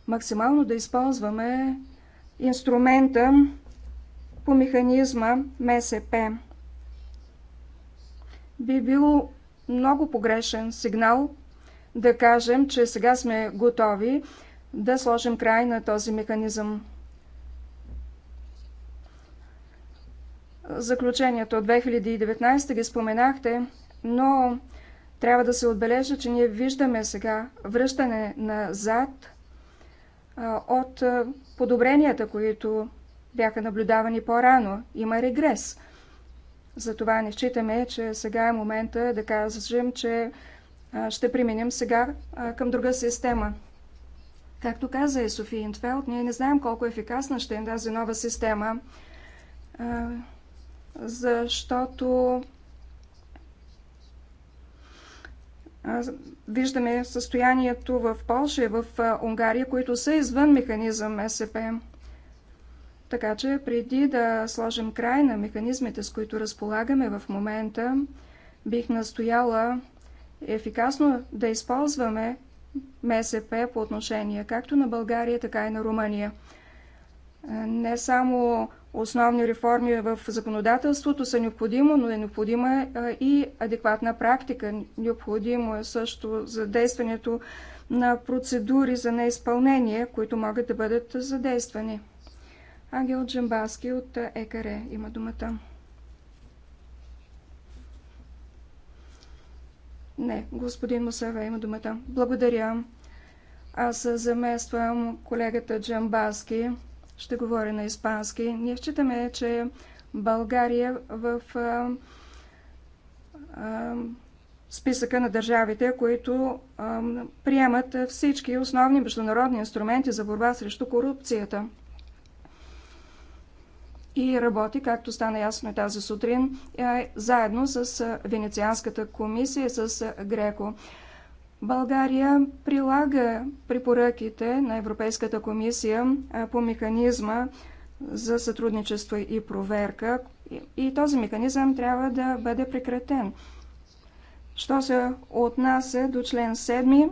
максимално да използваме инструмента по механизма МСП. Би било много погрешен сигнал да кажем, че сега сме готови да сложим край на този механизъм. Заключението от 2019 ги споменахте, но трябва да се отбележа, че ние виждаме сега връщане назад от подобренията, които бяха наблюдавани по-рано. Има регрес. Затова не считаме, че сега е момента да кажем, че ще преминем сега към друга система. Както каза и Софи Интфелд, ние не знаем колко ефикасна ще е тази нова система защото виждаме състоянието в Польша и в Унгария, които са извън механизъм СП. Така че преди да сложим край на механизмите, с които разполагаме в момента, бих настояла ефикасно да използваме МСП по отношение както на България, така и на Румъния. Е, не само Основни реформи в законодателството са необходимо, но е необходима и адекватна практика. Необходимо е също за действането на процедури за неизпълнение, които могат да бъдат задействани. Ангел Джамбаски от ЕКР има думата. Не, господин Мусава има думата. Благодаря. Аз замествам колегата Джамбаски ще говоря на испански. Ние считаме, че България в а, а, списъка на държавите, които а, приемат всички основни международни инструменти за борба срещу корупцията. И работи, както стана ясно тази сутрин, заедно с Венецианската комисия и с Греко. България прилага препоръките на Европейската комисия по механизма за сътрудничество и проверка и този механизъм трябва да бъде прекратен. Що се отнася до член 7,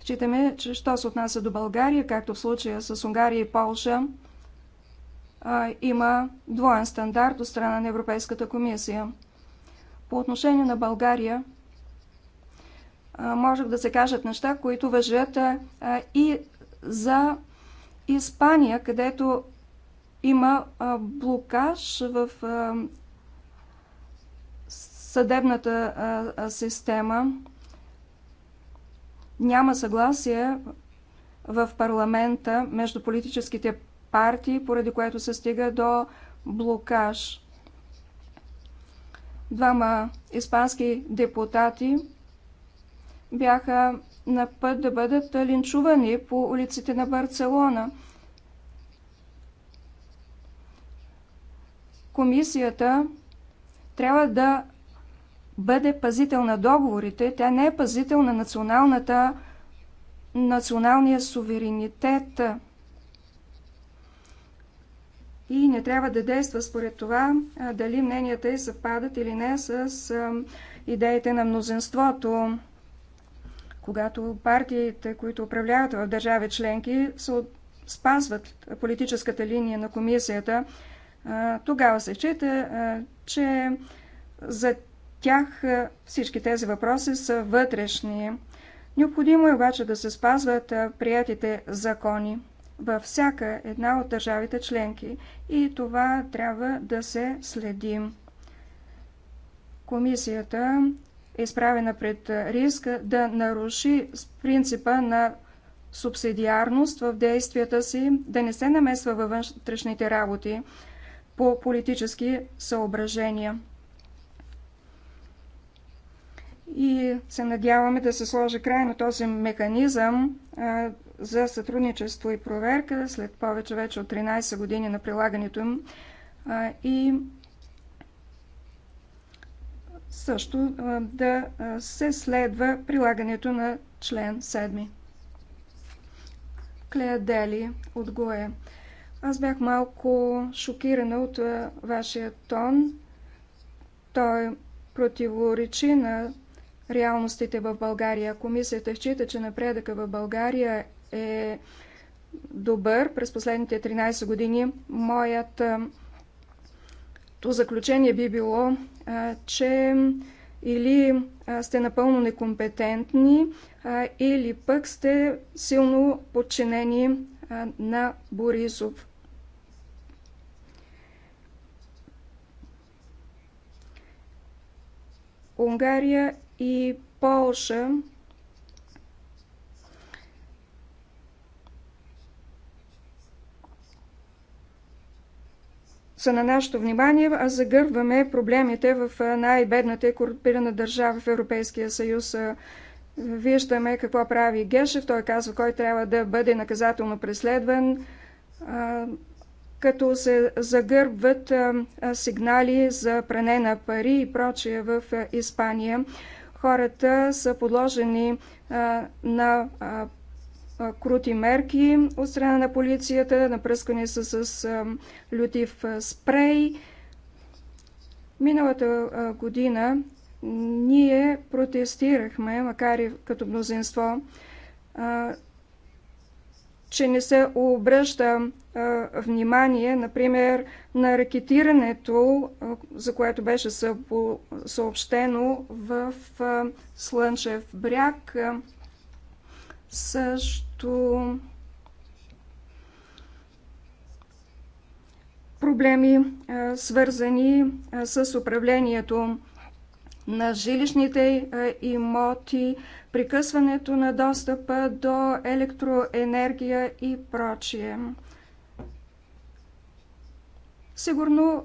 считаме, че що се отнася до България, както в случая с Унгария и Полша, има двоен стандарт от страна на Европейската комисия. По отношение на България, можех да се кажат неща, които въжат и за Испания, където има блокаж в съдебната система. Няма съгласие в парламента между политическите партии, поради което се стига до блокаж. Двама испански депутати бяха на път да бъдат линчувани по улиците на Барселона. Комисията трябва да бъде пазител на договорите. Тя не е пазител на националната, националния суверенитет и не трябва да действа според това дали мненията й съвпадат или не с идеите на мнозинството когато партиите, които управляват в държави членки, спазват политическата линия на комисията, тогава се счита, че за тях всички тези въпроси са вътрешни. Необходимо е обаче да се спазват приятите закони във всяка една от държавите членки и това трябва да се следи. Комисията изправена пред риска да наруши принципа на субсидиарност в действията си, да не се намесва във вътрешните работи по политически съображения. И се надяваме да се сложи край на този механизъм а, за сътрудничество и проверка след повече вече от 13 години на прилагането им а, и също да се следва прилагането на член 7. Клея Дели от ГОЕ. Аз бях малко шокирана от вашия тон. Той противоречи на реалностите в България. Комисията счита, че напредъка в България е добър през последните 13 години. Моят то заключение би било, че или сте напълно некомпетентни, или пък сте силно подчинени на Борисов. Унгария и Полша са на нашето внимание, а загърбваме проблемите в най-бедната и корупирана държава в Европейския съюз. Виждаме какво прави Гешев. Той казва кой трябва да бъде наказателно преследван, като се загърбват сигнали за пране на пари и прочие в Испания. Хората са подложени на крути мерки от страна на полицията, напръскани са с лютив спрей. Миналата година ние протестирахме, макар и като мнозинство, че не се обръща внимание, например, на ракетирането, за което беше съобщено в Слънчев бряг също проблеми, свързани с управлението на жилищните имоти, прекъсването на достъпа до електроенергия и прочие. Сигурно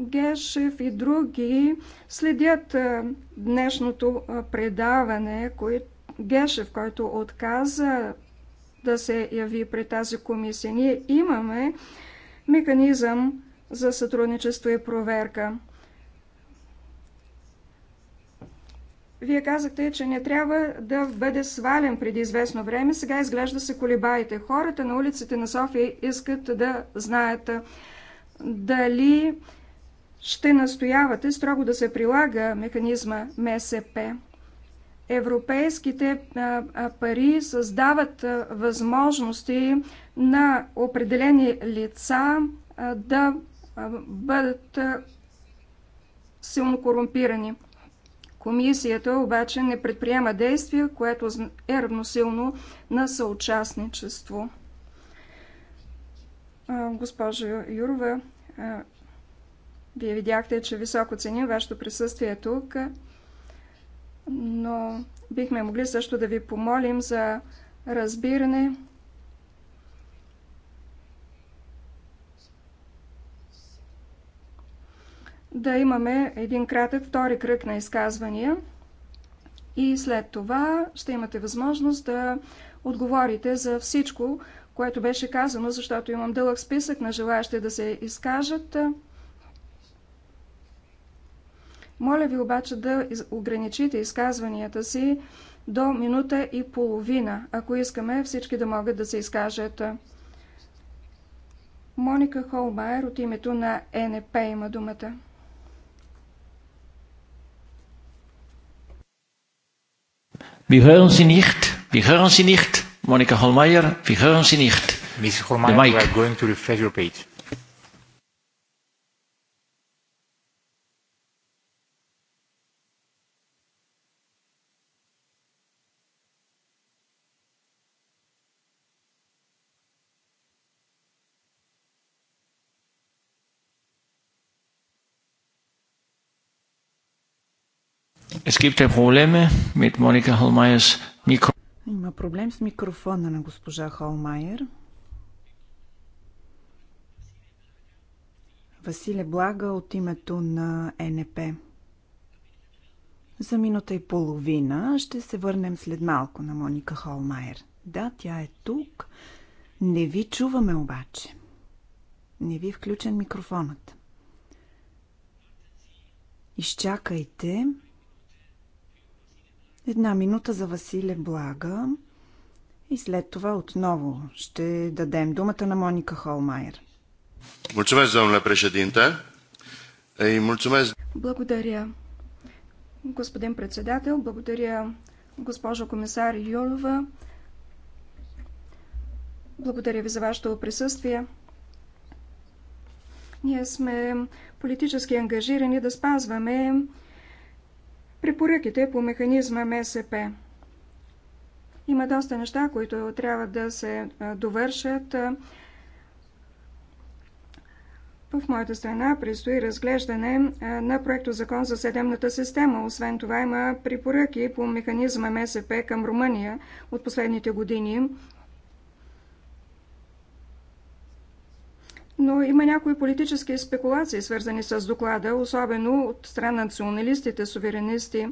Гешев и други следят днешното предаване, които Гешев, който отказа да се яви при тази комисия. Ние имаме механизъм за сътрудничество и проверка. Вие казахте, че не трябва да бъде свален преди известно време. Сега изглежда се колебаете. Хората на улиците на София искат да знаят дали ще настоявате строго да се прилага механизма МСП европейските пари създават възможности на определени лица да бъдат силно корумпирани. Комисията обаче не предприема действия, което е равносилно на съучастничество. Госпожо Юрова, вие видяхте, че високо ценим вашето присъствие тук но бихме могли също да ви помолим за разбиране. Да имаме един кратък втори кръг на изказвания и след това ще имате възможност да отговорите за всичко, което беше казано, защото имам дълъг списък на желаящи да се изкажат. Моля ви обаче да ограничите изказванията си до минута и половина, ако искаме всички да могат да се изкажат. Моника Холмайер от името на ЕНП има думата. Ви hören си нихт? Ви hören си нихт? Моника Холмайер, ви hören си нихт? Мисс Холмайер, we are going to refresh your page. Има проблем с микрофона на госпожа Холмайер. Василе Блага от името на НП. За минута и половина ще се върнем след малко на Моника Холмайер. Да, тя е тук. Не ви чуваме обаче. Не ви е включен микрофонът. Изчакайте. Една минута за Василе Блага и след това отново ще дадем думата на Моника Холмайер. Mulțumesc, domnule președinte. Îi mulțumesc. Благодаря, господин председател. Благодаря, госпожо комисар Юлова. Благодаря ви за вашето присъствие. Ние сме политически ангажирани да спазваме Препоръките по механизма МСП. Има доста неща, които трябва да се довършат. В моята страна предстои разглеждане на проекто закон за съдебната система. Освен това има препоръки по механизма МСП към Румъния от последните години. Но има някои политически спекулации, свързани с доклада, особено от страна националистите, суверенисти.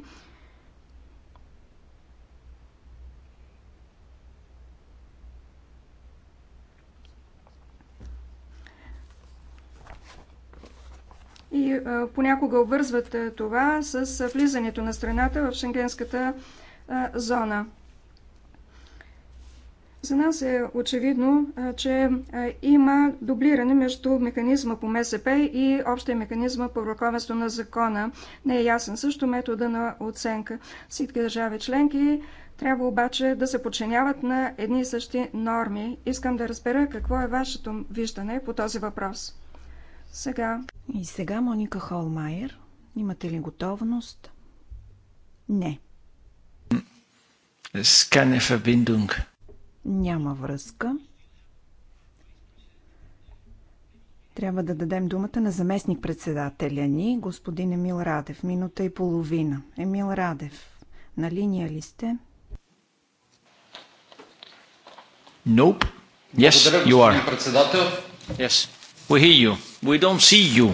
И е, понякога обвързват е, това с е, влизането на страната в шенгенската зона. За нас е очевидно, че има дублиране между механизма по МСП и общия механизма по върховенство на закона. Не е ясен също метода на оценка. Всички държави членки трябва обаче да се подчиняват на едни и същи норми. Искам да разбера какво е вашето виждане по този въпрос. Сега. И сега, Моника Холмайер, имате ли готовност? Не. Скане Verbindung. Няма връзка. Трябва да дадем думата на заместник-председателя ни, господин Емил Радев. Минута и половина. Емил Радев, на линия ли сте? Nope. Yes, you are. председател. Yes. We hear you. We don't see you.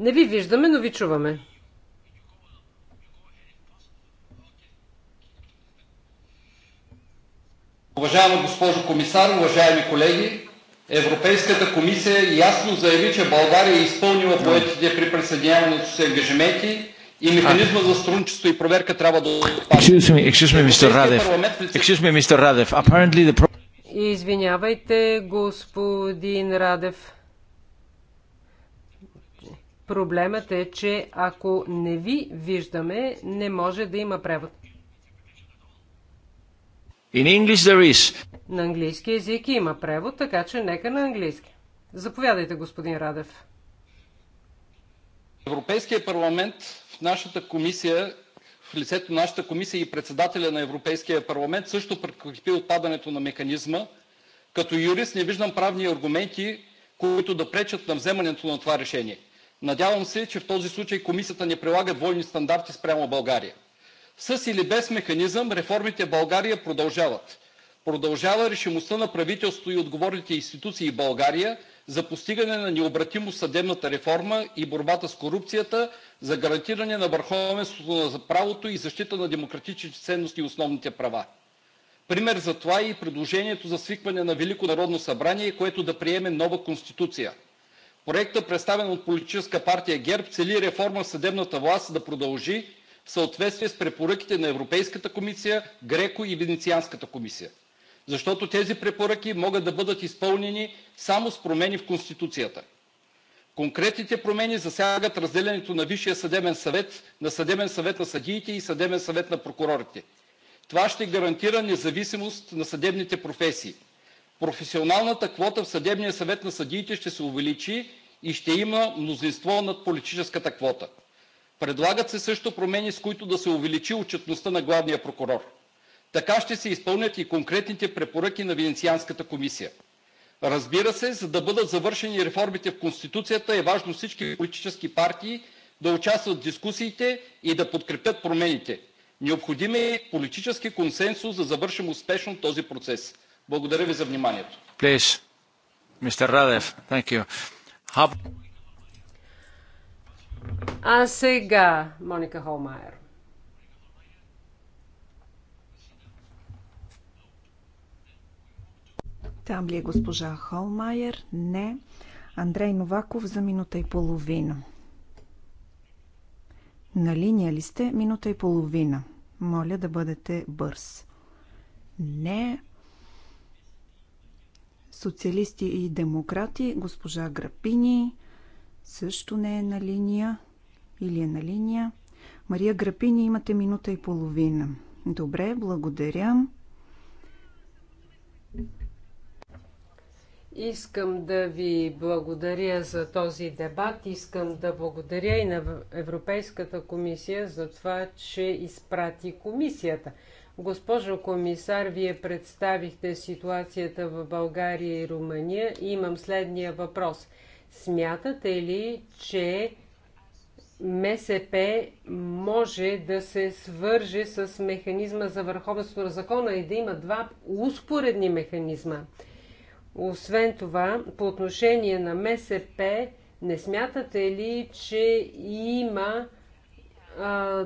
Не ви виждаме, но ви чуваме. Уважаема госпожо Комисар, уважаеми колеги! Европейската комисия ясно заяви, че България е изпълнила поетите при присъединяването си ангажименти и механизма за сътрудничество и проверка трябва да отпадне. Извинявайте, господин Радев. Проблемът е, че ако не ви виждаме, не може да има превод. In English there is. На английски език има превод, така че нека на английски. Заповядайте, господин Радев. Европейския парламент в нашата комисия, в лицето на нашата комисия и председателя на Европейския парламент също прекрепи отпадането на механизма. Като юрист не виждам правни аргументи, които да пречат на вземането на това решение. Надявам се, че в този случай комисията не прилага двойни стандарти спрямо България. С или без механизъм реформите в България продължават. Продължава решимостта на правителството и отговорните институции в България за постигане на необратимо съдебната реформа и борбата с корупцията, за гарантиране на върховенството на правото и защита на демократичните ценности и основните права. Пример за това е и предложението за свикване на Велико Народно събрание, което да приеме нова конституция. Проектът, представен от политическа партия ГЕРБ, цели реформа в съдебната власт да продължи в съответствие с препоръките на Европейската комисия, ГРЕКО и Венецианската комисия. Защото тези препоръки могат да бъдат изпълнени само с промени в Конституцията. Конкретните промени засягат разделянето на Висшия съдебен съвет на Съдебен съвет на съдиите и Съдебен съвет на прокурорите. Това ще гарантира независимост на съдебните професии. Професионалната квота в Съдебния съвет на съдиите ще се увеличи и ще има мнозинство над политическата квота. Предлагат се също промени, с които да се увеличи отчетността на главния прокурор. Така ще се изпълнят и конкретните препоръки на Венецианската комисия. Разбира се, за да бъдат завършени реформите в Конституцията, е важно всички политически партии да участват в дискусиите и да подкрепят промените. Необходим е политически консенсус, за да завършим успешно този процес. Благодаря ви за вниманието. Please, Mr. Radev, thank you. How... А сега Моника Холмайер. Там ли е госпожа Холмайер? Не. Андрей Новаков за минута и половина. На линия ли сте? Минута и половина. Моля да бъдете бърз. Не. Социалисти и демократи, госпожа Грапини, също не е на линия или е на линия. Мария Грапини, имате минута и половина. Добре, благодаря. Искам да ви благодаря за този дебат. Искам да благодаря и на Европейската комисия за това, че изпрати комисията. Госпожо комисар, вие представихте ситуацията в България и Румъния. имам следния въпрос – Смятате ли, че МСП може да се свърже с механизма за върховенство на закона и да има два успоредни механизма? Освен това, по отношение на МСП, не смятате ли, че има а,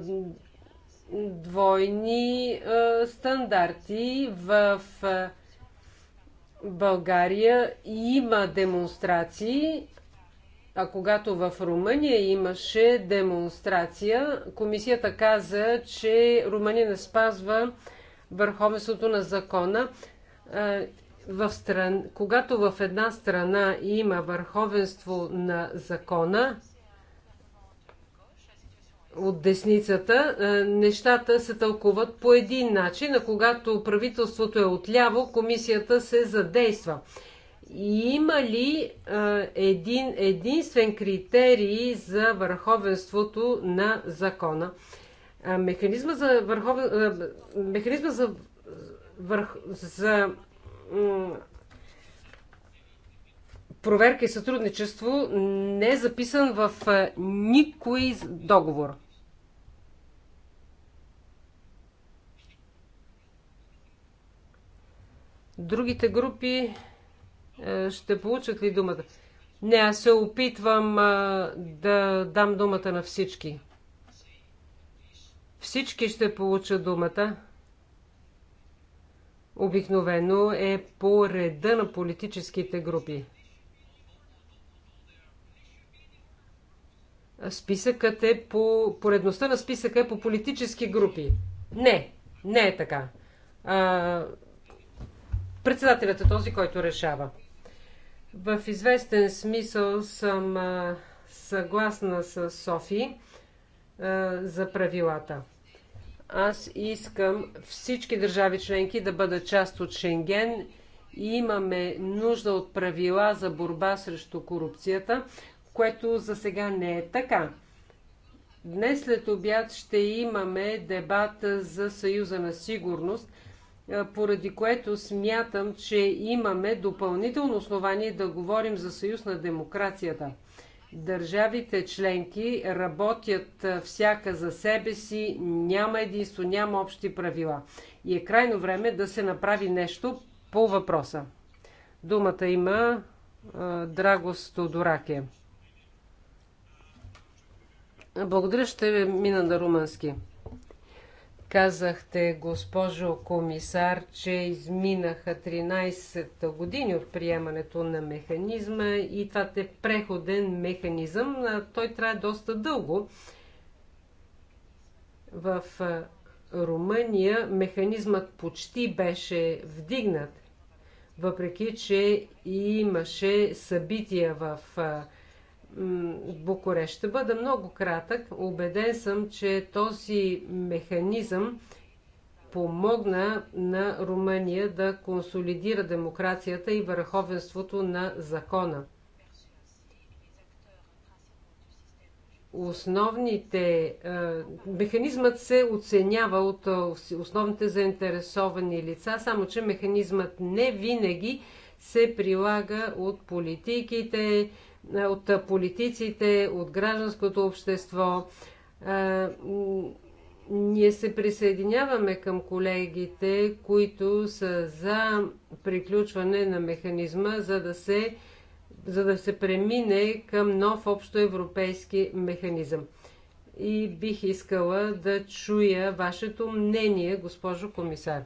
двойни а, стандарти в а, България има демонстрации а когато в Румъния имаше демонстрация, комисията каза, че Румъния не спазва върховенството на закона. В стран... Когато в една страна има върховенство на закона от десницата, нещата се тълкуват по един начин, а когато правителството е отляво, комисията се задейства има ли а, един единствен критерий за върховенството на закона? А, механизма за, върхов... а, механизма за, върх... за проверка и сътрудничество не е записан в никой договор. Другите групи е, ще получат ли думата? Не, аз се опитвам а, да дам думата на всички. Всички ще получат думата. Обикновено е по реда на политическите групи. Списъкът е по... Поредността на списъка е по политически групи. Не, не е така. А, председателят е този, който решава. В известен смисъл съм съгласна с Софи за правилата. Аз искам всички държави членки да бъдат част от Шенген и имаме нужда от правила за борба срещу корупцията, което за сега не е така. Днес след обяд ще имаме дебат за Съюза на сигурност – е, поради което смятам, че имаме допълнително основание да говорим за съюз на демокрацията. Държавите членки работят е, всяка за себе си, няма единство, няма общи правила. И е крайно време да се направи нещо по въпроса. Думата има е, Драгос Тодораке. Благодаря, ще мина на румънски. Казахте, госпожо комисар, че изминаха 13 години от приемането на механизма и това е преходен механизъм. Той трае доста дълго. В Румъния механизмът почти беше вдигнат, въпреки че имаше събития в Букурещ. Ще бъда много кратък. Обеден съм, че този механизъм помогна на Румъния да консолидира демокрацията и върховенството на закона. Основните, механизмът се оценява от основните заинтересовани лица, само че механизмът не винаги се прилага от политиките, от политиците, от гражданското общество. Ние се присъединяваме към колегите, които са за приключване на механизма, за да се, за да се премине към нов общоевропейски механизъм. И бих искала да чуя вашето мнение, госпожо комисар.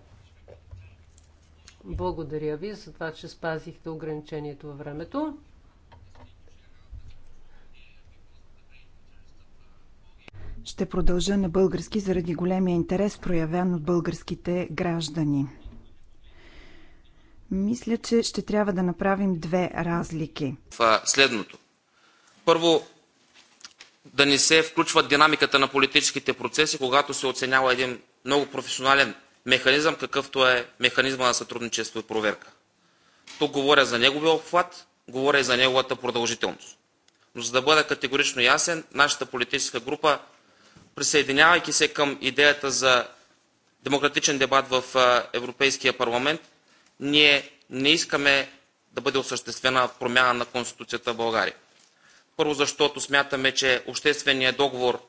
Благодаря ви за това, че спазихте ограничението във времето. Ще продължа на български заради големия интерес, проявен от българските граждани. Мисля, че ще трябва да направим две разлики. Това е следното. Първо, да не се включва динамиката на политическите процеси, когато се оценява един много професионален механизъм, какъвто е механизма на сътрудничество и проверка. Тук говоря за неговия обхват, говоря и за неговата продължителност. Но за да бъда категорично ясен, нашата политическа група присъединявайки се към идеята за демократичен дебат в Европейския парламент, ние не искаме да бъде осъществена промяна на Конституцията в България. Първо, защото смятаме, че общественият договор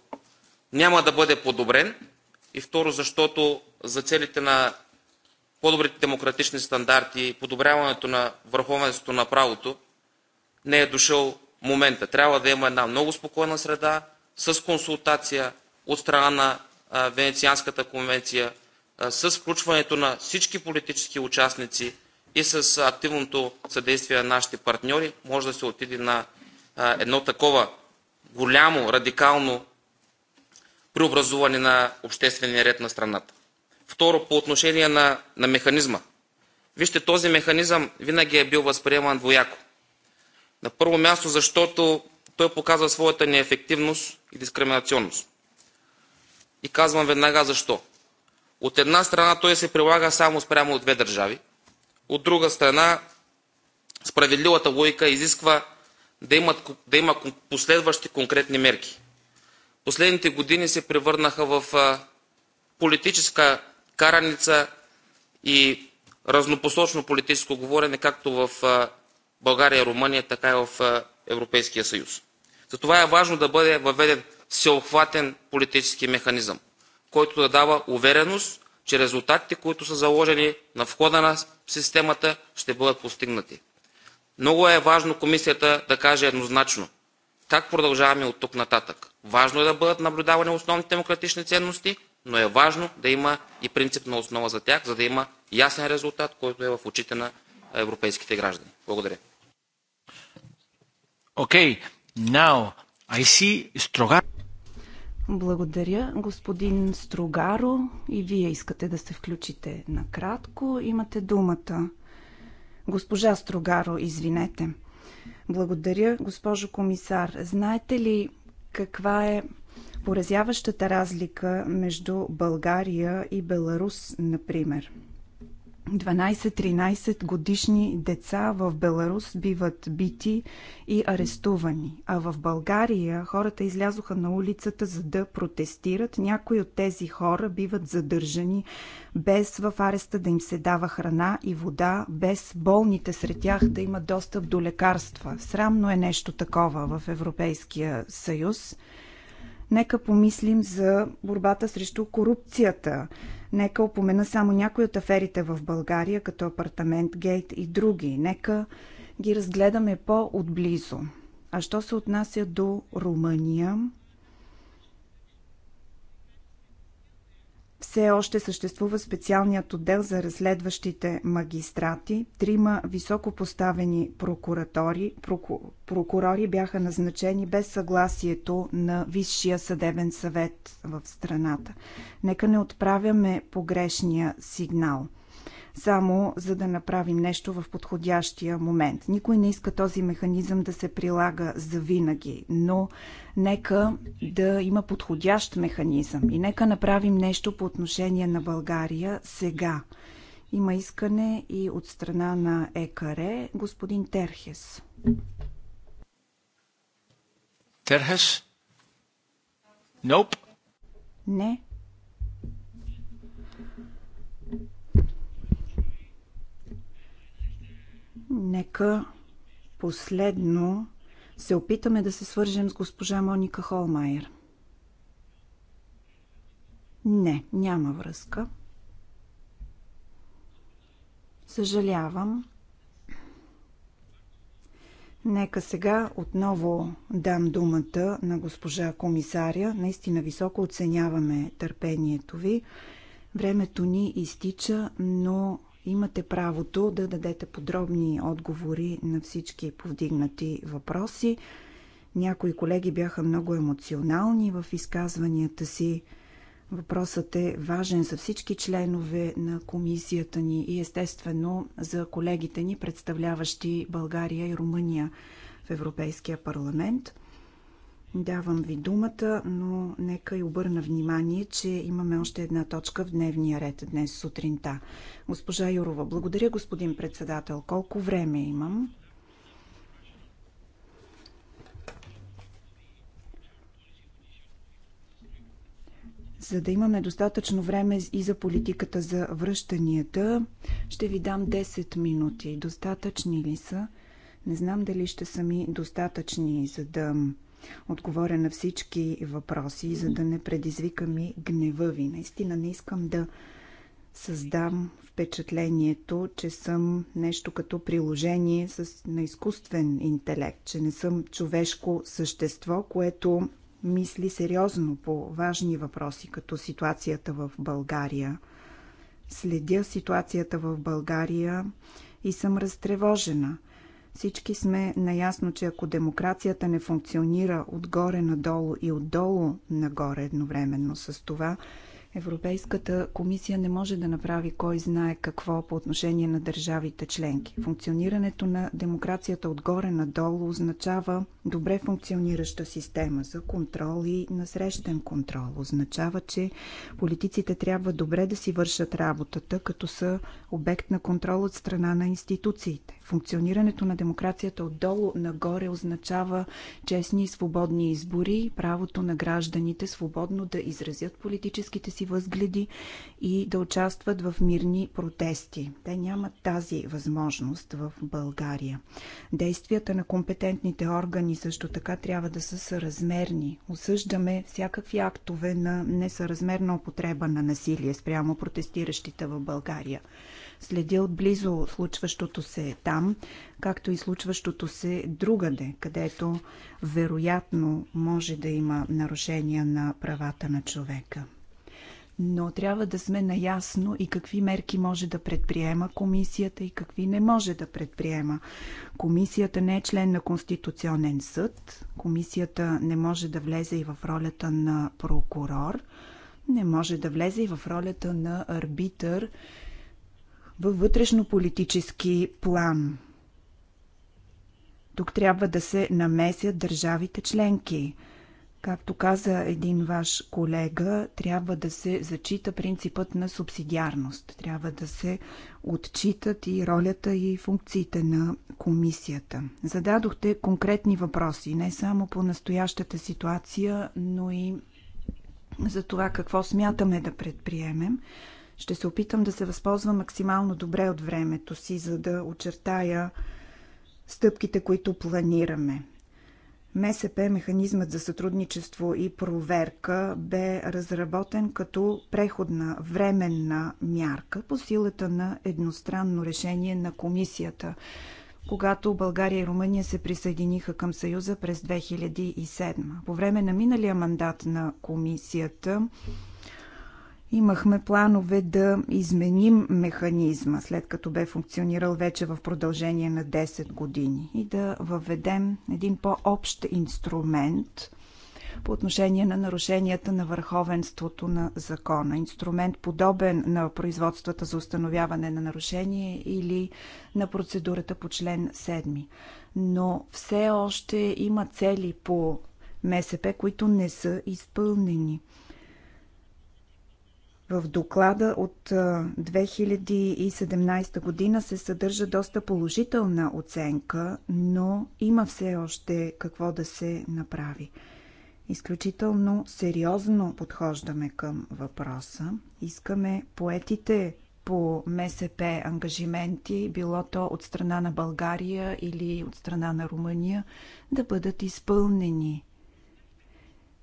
няма да бъде подобрен. И второ, защото за целите на по-добрите демократични стандарти и подобряването на върховенството на правото не е дошъл момента. Трябва да има една много спокойна среда, с консултация, от страна на Венецианската конвенция, с включването на всички политически участници и с активното съдействие на нашите партньори може да се отиде на едно такова голямо, радикално преобразуване на обществения ред на страната. Второ, по отношение на, на механизма. Вижте, този механизъм винаги е бил възприеман двояко. На първо място, защото той показва своята неефективност и дискриминационност и казвам веднага защо. От една страна, той се прилага само спрямо от две държави. От друга страна, справедливата логика изисква да, имат, да има последващи конкретни мерки. Последните години се превърнаха в политическа караница и разнопосочно политическо говорене, както в България и Румъния, така и в Европейския съюз. Затова е важно да бъде въведен Всеохватен политически механизъм, който да дава увереност, че резултатите, които са заложени на входа на системата, ще бъдат постигнати. Много е важно комисията да каже еднозначно как продължаваме от тук нататък. Важно е да бъдат наблюдавани основните демократични ценности, но е важно да има и принципна основа за тях, за да има ясен резултат, който е в очите на европейските граждани. Благодаря. Okay, now I see Strogar. Благодаря, господин Строгаро. И вие искате да се включите накратко. Имате думата. Госпожа Строгаро, извинете. Благодаря, госпожо комисар. Знаете ли каква е поразяващата разлика между България и Беларус, например? 12-13 годишни деца в Беларус биват бити и арестувани. А в България хората излязоха на улицата за да протестират. Някои от тези хора биват задържани без в ареста да им се дава храна и вода, без болните сред тях да имат достъп до лекарства. Срамно е нещо такова в Европейския съюз. Нека помислим за борбата срещу корупцията Нека опомена само някои от аферите в България, като апартамент Гейт и други. Нека ги разгледаме по-отблизо. А що се отнася до Румъния, все още съществува специалният отдел за разследващите магистрати. Трима високопоставени прокуратори, проку, прокурори бяха назначени без съгласието на Висшия съдебен съвет в страната. Нека не отправяме погрешния сигнал – само за да направим нещо в подходящия момент. Никой не иска този механизъм да се прилага за винаги, но нека да има подходящ механизъм и нека направим нещо по отношение на България сега. Има искане и от страна на ЕКАРЕ господин Терхес. Терхес? Nope. Не. Нека последно се опитаме да се свържем с госпожа Моника Холмайер. Не, няма връзка. Съжалявам. Нека сега отново дам думата на госпожа комисаря. Наистина високо оценяваме търпението ви. Времето ни изтича, но Имате правото да дадете подробни отговори на всички повдигнати въпроси. Някои колеги бяха много емоционални в изказванията си. Въпросът е важен за всички членове на комисията ни и естествено за колегите ни, представляващи България и Румъния в Европейския парламент. Давам ви думата, но нека и обърна внимание, че имаме още една точка в дневния ред днес сутринта. Госпожа Юрова, благодаря, господин председател. Колко време имам? За да имаме достатъчно време и за политиката за връщанията, ще ви дам 10 минути. Достатъчни ли са? Не знам дали ще са ми достатъчни, за да отговоря на всички въпроси, за да не предизвикам и гнева ви. Наистина не искам да създам впечатлението, че съм нещо като приложение с, на изкуствен интелект, че не съм човешко същество, което мисли сериозно по важни въпроси, като ситуацията в България. Следя ситуацията в България и съм разтревожена – всички сме наясно, че ако демокрацията не функционира отгоре надолу и отдолу нагоре едновременно с това, Европейската комисия не може да направи кой знае какво по отношение на държавите членки. Функционирането на демокрацията отгоре надолу означава добре функционираща система за контрол и насрещен контрол. Означава, че политиците трябва добре да си вършат работата, като са обект на контрол от страна на институциите. Функционирането на демокрацията отдолу нагоре означава честни и свободни избори, правото на гражданите свободно да изразят политическите си възгледи и да участват в мирни протести. Те нямат тази възможност в България. Действията на компетентните органи също така трябва да са съразмерни. Осъждаме всякакви актове на несъразмерна употреба на насилие спрямо протестиращите в България. Следя отблизо случващото се там, както и случващото се другаде, където вероятно може да има нарушения на правата на човека. Но трябва да сме наясно и какви мерки може да предприема комисията и какви не може да предприема. Комисията не е член на Конституционен съд. Комисията не може да влезе и в ролята на прокурор не може да влезе и в ролята на арбитър във вътрешно политически план. Тук трябва да се намесят държавите членки. Както каза един ваш колега, трябва да се зачита принципът на субсидиарност. Трябва да се отчитат и ролята и функциите на комисията. Зададохте конкретни въпроси, не само по настоящата ситуация, но и за това какво смятаме да предприемем. Ще се опитам да се възползвам максимално добре от времето си, за да очертая стъпките, които планираме. МСП, механизмът за сътрудничество и проверка, бе разработен като преходна временна мярка по силата на едностранно решение на комисията, когато България и Румъния се присъединиха към Съюза през 2007. По време на миналия мандат на комисията Имахме планове да изменим механизма, след като бе функционирал вече в продължение на 10 години и да въведем един по-общ инструмент по отношение на нарушенията на върховенството на закона. Инструмент подобен на производствата за установяване на нарушение или на процедурата по член 7. Но все още има цели по МСП, които не са изпълнени – в доклада от 2017 година се съдържа доста положителна оценка, но има все още какво да се направи. Изключително сериозно подхождаме към въпроса. Искаме поетите по МСП ангажименти, било то от страна на България или от страна на Румъния, да бъдат изпълнени.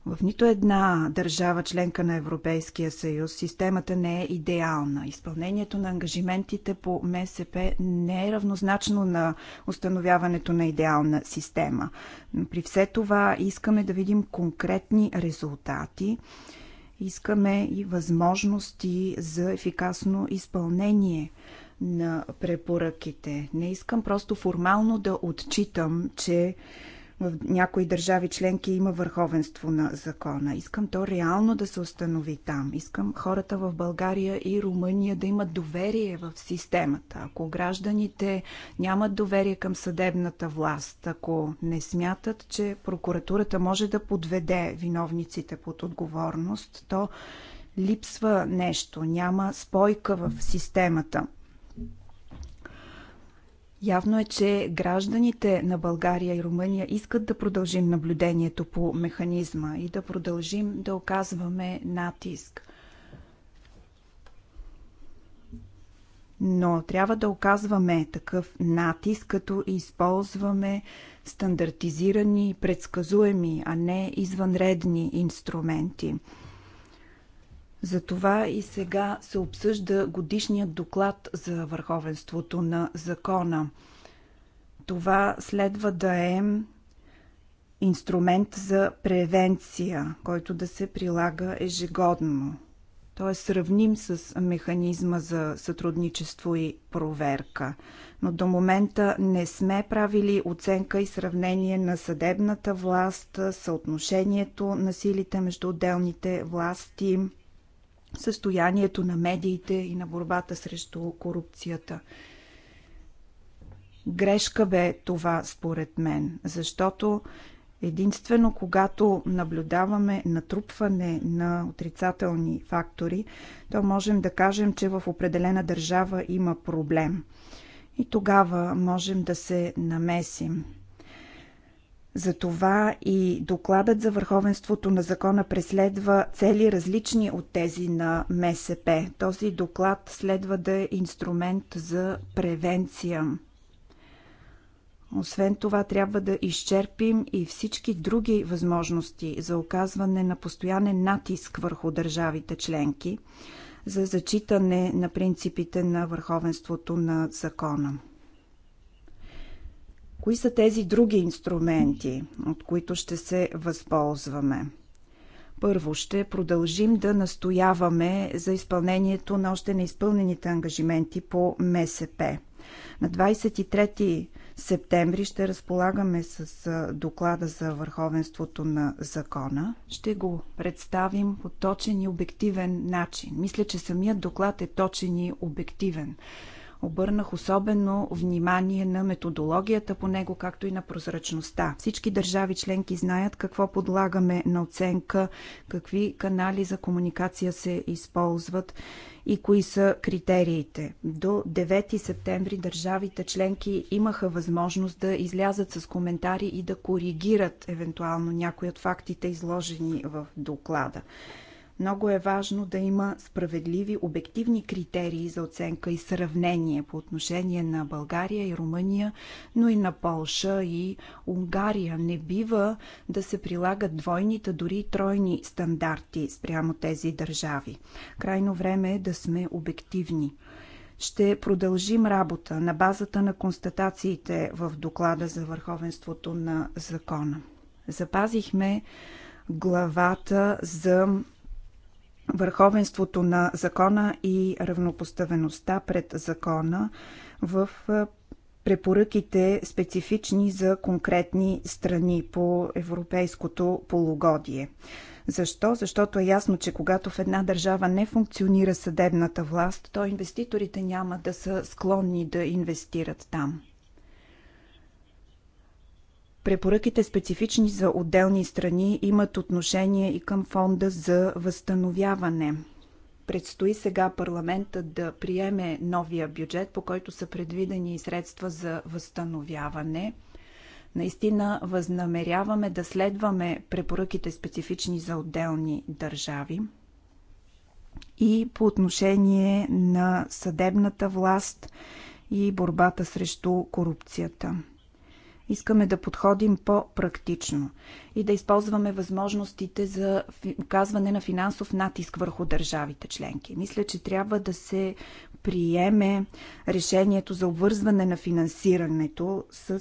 В нито една държава членка на Европейския съюз системата не е идеална. Изпълнението на ангажиментите по МСП не е равнозначно на установяването на идеална система. При все това искаме да видим конкретни резултати. Искаме и възможности за ефикасно изпълнение на препоръките. Не искам просто формално да отчитам, че в някои държави членки има върховенство на закона. Искам то реално да се установи там. Искам хората в България и Румъния да имат доверие в системата. Ако гражданите нямат доверие към съдебната власт, ако не смятат, че прокуратурата може да подведе виновниците под отговорност, то липсва нещо, няма спойка в системата. Явно е, че гражданите на България и Румъния искат да продължим наблюдението по механизма и да продължим да оказваме натиск. Но трябва да оказваме такъв натиск, като използваме стандартизирани, предсказуеми, а не извънредни инструменти – затова и сега се обсъжда годишният доклад за върховенството на закона. Това следва да е инструмент за превенция, който да се прилага ежегодно. Той е сравним с механизма за сътрудничество и проверка. Но до момента не сме правили оценка и сравнение на съдебната власт, съотношението на силите между отделните власти – състоянието на медиите и на борбата срещу корупцията. Грешка бе това, според мен, защото единствено когато наблюдаваме натрупване на отрицателни фактори, то можем да кажем, че в определена държава има проблем. И тогава можем да се намесим. Затова и докладът за върховенството на закона преследва цели различни от тези на МСП. Този доклад следва да е инструмент за превенция. Освен това, трябва да изчерпим и всички други възможности за оказване на постоянен натиск върху държавите членки за зачитане на принципите на върховенството на закона. Кои са тези други инструменти, от които ще се възползваме? Първо, ще продължим да настояваме за изпълнението на още неизпълнените ангажименти по МСП. На 23 септември ще разполагаме с доклада за върховенството на закона. Ще го представим по точен и обективен начин. Мисля, че самият доклад е точен и обективен. Обърнах особено внимание на методологията по него, както и на прозрачността. Всички държави членки знаят какво подлагаме на оценка, какви канали за комуникация се използват и кои са критериите. До 9 септември държавите членки имаха възможност да излязат с коментари и да коригират евентуално някои от фактите, изложени в доклада. Много е важно да има справедливи, обективни критерии за оценка и сравнение по отношение на България и Румъния, но и на Полша и Унгария. Не бива да се прилагат двойните, дори тройни стандарти спрямо тези държави. Крайно време е да сме обективни ще продължим работа на базата на констатациите в доклада за върховенството на закона. Запазихме главата за върховенството на закона и равнопоставеността пред закона в препоръките специфични за конкретни страни по европейското полугодие. Защо? Защото е ясно, че когато в една държава не функционира съдебната власт, то инвеститорите няма да са склонни да инвестират там. Препоръките специфични за отделни страни имат отношение и към фонда за възстановяване. Предстои сега парламентът да приеме новия бюджет, по който са предвидени средства за възстановяване. Наистина възнамеряваме да следваме препоръките специфични за отделни държави. И по отношение на съдебната власт и борбата срещу корупцията. Искаме да подходим по-практично и да използваме възможностите за оказване на финансов натиск върху държавите членки. Мисля, че трябва да се приеме решението за обвързване на финансирането с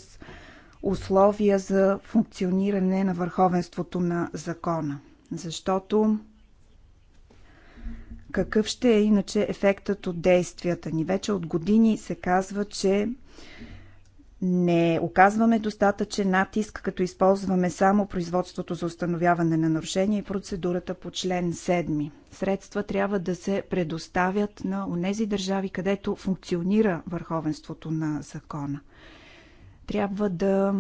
условия за функциониране на върховенството на закона. Защото какъв ще е иначе ефектът от действията ни? Вече от години се казва, че не оказваме достатъчен натиск, като използваме само производството за установяване на нарушения и процедурата по член 7. Средства трябва да се предоставят на онези държави, където функционира върховенството на закона. Трябва да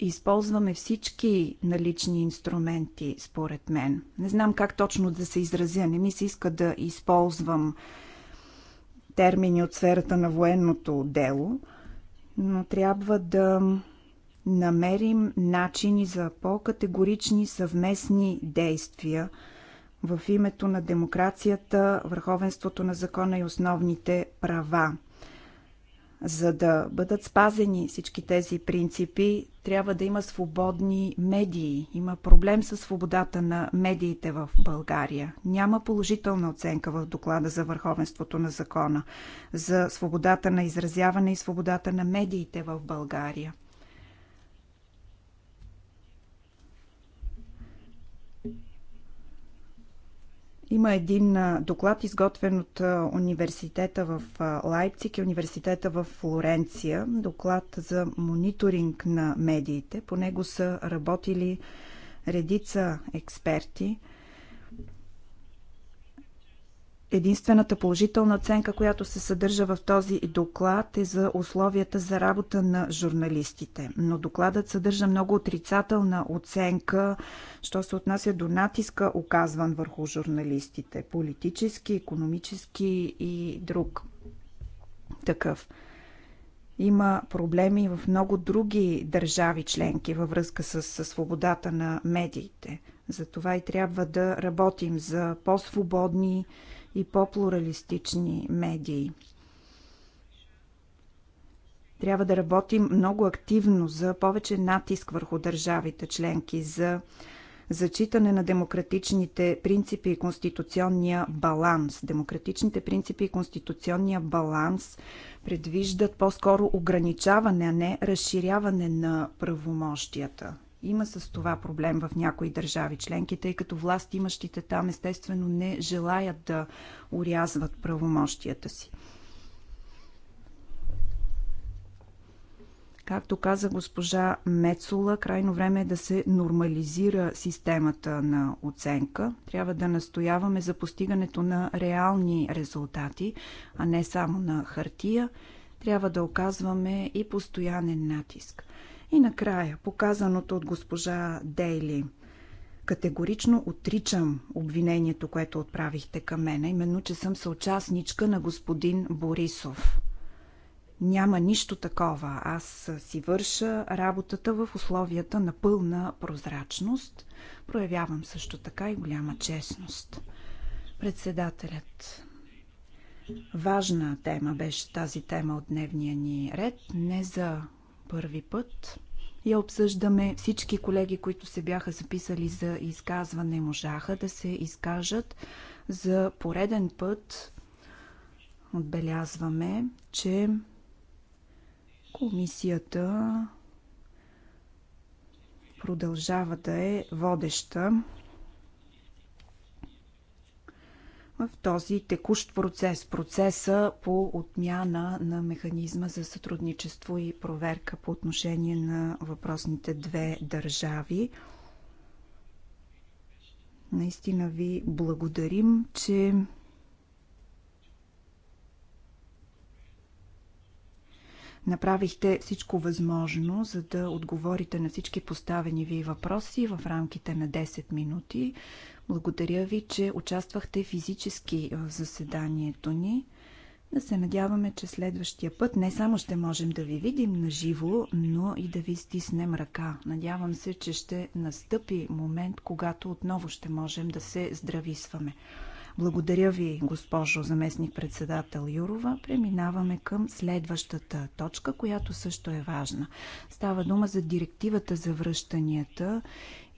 използваме всички налични инструменти, според мен. Не знам как точно да се изразя. Не ми се иска да използвам термини от сферата на военното дело – но трябва да намерим начини за по-категорични съвместни действия в името на демокрацията, върховенството на закона и основните права. За да бъдат спазени всички тези принципи, трябва да има свободни медии. Има проблем с свободата на медиите в България. Няма положителна оценка в доклада за върховенството на закона, за свободата на изразяване и свободата на медиите в България. Има един доклад, изготвен от университета в Лайпциг и университета в Флоренция. Доклад за мониторинг на медиите. По него са работили редица експерти – единствената положителна оценка, която се съдържа в този доклад е за условията за работа на журналистите. Но докладът съдържа много отрицателна оценка, що се отнася до натиска, оказван върху журналистите. Политически, економически и друг такъв. Има проблеми в много други държави членки във връзка с, с свободата на медиите. Затова и трябва да работим за по-свободни, и по-плуралистични медии. Трябва да работим много активно за повече натиск върху държавите членки за зачитане на демократичните принципи и конституционния баланс. Демократичните принципи и конституционния баланс предвиждат по-скоро ограничаване, а не разширяване на правомощията. Има с това проблем в някои държави членки, тъй като власт имащите там естествено не желаят да урязват правомощията си. Както каза госпожа Мецула, крайно време е да се нормализира системата на оценка. Трябва да настояваме за постигането на реални резултати, а не само на хартия. Трябва да оказваме и постоянен натиск. И накрая, показаното от госпожа Дейли. Категорично отричам обвинението, което отправихте към мене, именно, че съм съучастничка на господин Борисов. Няма нищо такова. Аз си върша работата в условията на пълна прозрачност. Проявявам също така и голяма честност. Председателят. Важна тема беше тази тема от дневния ни ред. Не за първи път. Я обсъждаме. Всички колеги, които се бяха записали за изказване, можаха да се изкажат. За пореден път отбелязваме, че комисията продължава да е водеща в този текущ процес, процеса по отмяна на механизма за сътрудничество и проверка по отношение на въпросните две държави. Наистина ви благодарим, че направихте всичко възможно, за да отговорите на всички поставени ви въпроси в рамките на 10 минути. Благодаря ви, че участвахте физически в заседанието ни. Да се надяваме, че следващия път не само ще можем да ви видим на живо, но и да ви стиснем ръка. Надявам се, че ще настъпи момент, когато отново ще можем да се здрависваме. Благодаря ви, госпожо заместник-председател Юрова. Преминаваме към следващата точка, която също е важна. Става дума за директивата за връщанията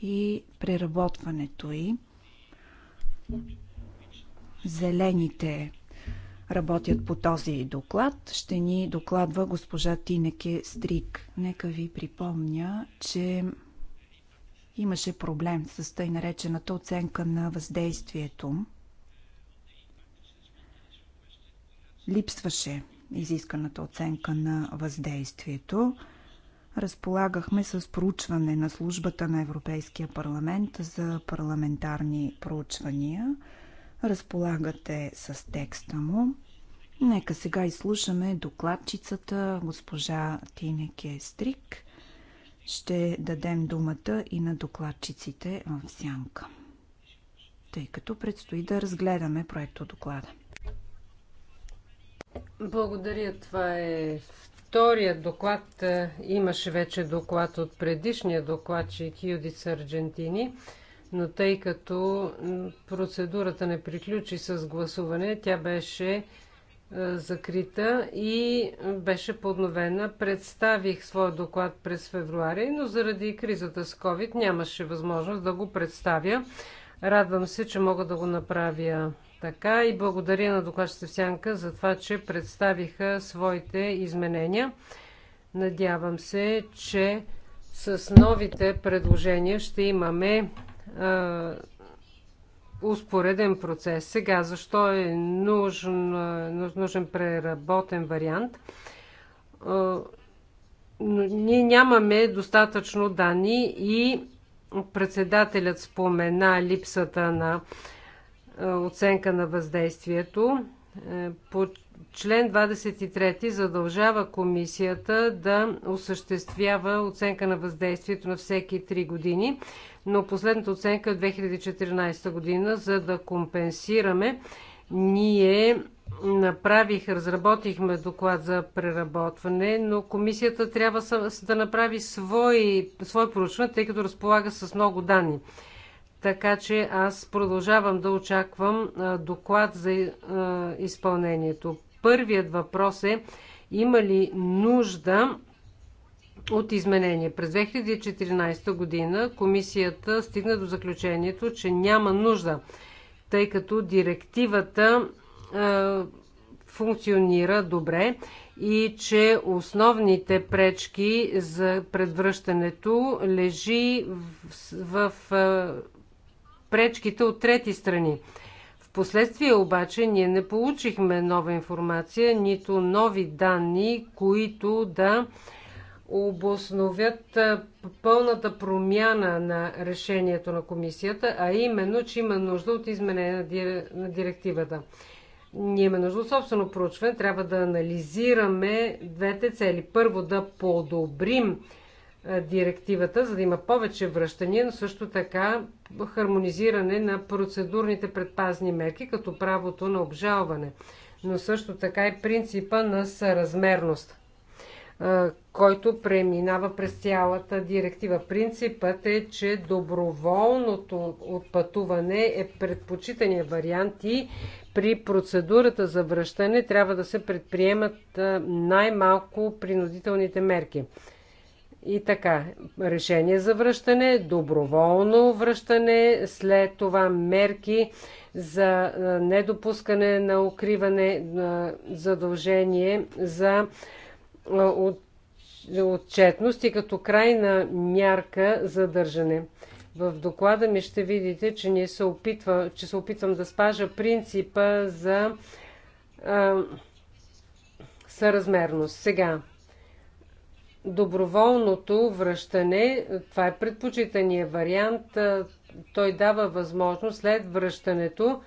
и преработването й. Зелените работят по този доклад. Ще ни докладва госпожа Тинеке Стрик. Нека ви припомня, че имаше проблем с тъй наречената оценка на въздействието. Липсваше изисканата оценка на въздействието разполагахме с проучване на службата на Европейския парламент за парламентарни проучвания. Разполагате с текста му. Нека сега изслушаме докладчицата госпожа Тинеке Стрик. Ще дадем думата и на докладчиците в сянка, тъй като предстои да разгледаме проекто доклада. Благодаря. Това е втория доклад имаше вече доклад от предишния докладчик Юдис Арджентини, но тъй като процедурата не приключи с гласуване, тя беше закрита и беше подновена. Представих своя доклад през февруари, но заради кризата с COVID нямаше възможност да го представя. Радвам се, че мога да го направя така и благодаря на докладчица Сянка за това, че представиха своите изменения. Надявам се, че с новите предложения ще имаме а, успореден процес. Сега, защо е нужен, нужен преработен вариант? А, ние нямаме достатъчно данни и председателят спомена липсата на е, оценка на въздействието. Е, по член 23 задължава комисията да осъществява оценка на въздействието на всеки 3 години, но последната оценка е от 2014 година, за да компенсираме. Ние направих, разработихме доклад за преработване, но комисията трябва да направи свой, свой проучване, тъй като разполага с много данни. Така че аз продължавам да очаквам доклад за изпълнението. Първият въпрос е има ли нужда от изменение. През 2014 година комисията стигна до заключението, че няма нужда, тъй като директивата функционира добре и че основните пречки за предвръщането лежи в, в, в пречките от трети страни. Впоследствие обаче ние не получихме нова информация, нито нови данни, които да обосновят пълната промяна на решението на комисията, а именно, че има нужда от изменение на директивата. Ние имаме нужда от собствено проучване, трябва да анализираме двете цели. Първо да подобрим директивата, за да има повече връщания, но също така хармонизиране на процедурните предпазни мерки, като правото на обжалване, но също така и принципа на съразмерност, който преминава през цялата директива. Принципът е, че доброволното отпътуване е предпочитания вариант и при процедурата за връщане трябва да се предприемат най-малко принудителните мерки. И така, решение за връщане, доброволно връщане, след това мерки за недопускане на укриване на задължение за отчетност и като крайна мярка задържане. В доклада ми ще видите, че, ние се опитва, че се опитвам да спажа принципа за а, съразмерност. Сега, доброволното връщане, това е предпочитания вариант, той дава възможност след връщането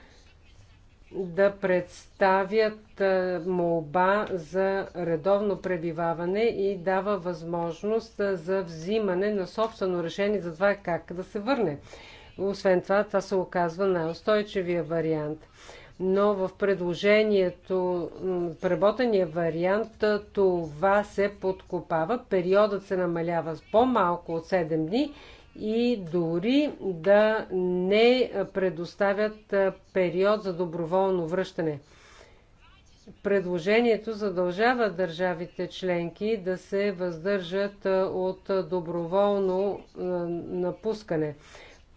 да представят молба за редовно пребиваване и дава възможност за взимане на собствено решение за това как да се върне. Освен това, това се оказва най-устойчивия вариант но в предложението, преработения вариант, това се подкопава. Периодът се намалява с по-малко от 7 дни и дори да не предоставят период за доброволно връщане. Предложението задължава държавите членки да се въздържат от доброволно напускане.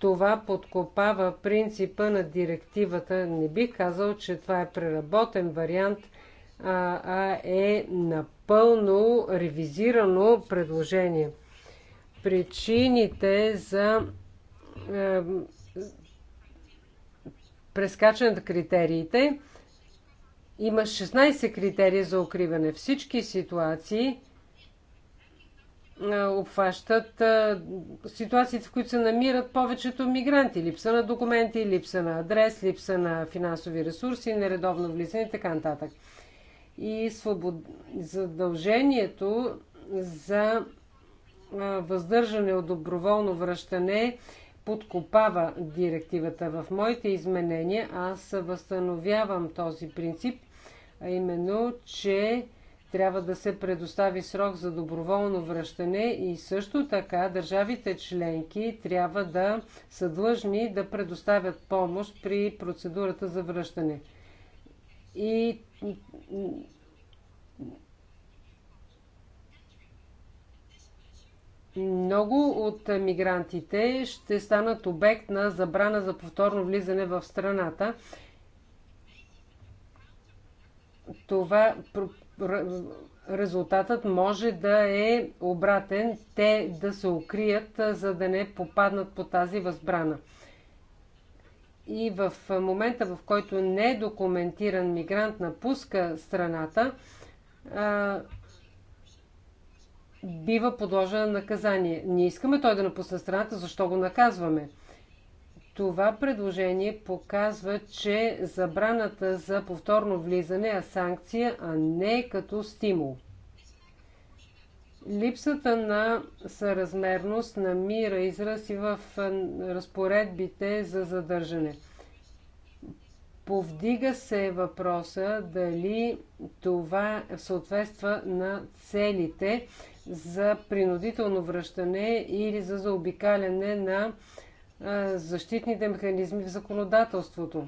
Това подкопава принципа на директивата. Не би казал, че това е преработен вариант, а, а е напълно ревизирано предложение. Причините за прескачане на критериите има 16 критерии за укриване. Всички ситуации – е, обхващат е, ситуациите, в които се намират повечето мигранти. Липса на документи, липса на адрес, липса на финансови ресурси, нередовно влизане и така нататък. И свобод... задължението за е, въздържане от доброволно връщане подкопава директивата. В моите изменения аз възстановявам този принцип, а именно, че трябва да се предостави срок за доброволно връщане и също така държавите членки трябва да са длъжни да предоставят помощ при процедурата за връщане. И много от мигрантите ще станат обект на забрана за повторно влизане в страната. Това резултатът може да е обратен, те да се укрият, за да не попаднат по тази възбрана. И в момента, в който недокументиран мигрант напуска страната, бива подложено наказание. Ние искаме той да напусне страната, защо го наказваме? Това предложение показва, че забраната за повторно влизане е санкция, а не като стимул. Липсата на съразмерност намира израз и в разпоредбите за задържане. Повдига се въпроса дали това съответства на целите за принудително връщане или за заобикаляне на защитните механизми в законодателството.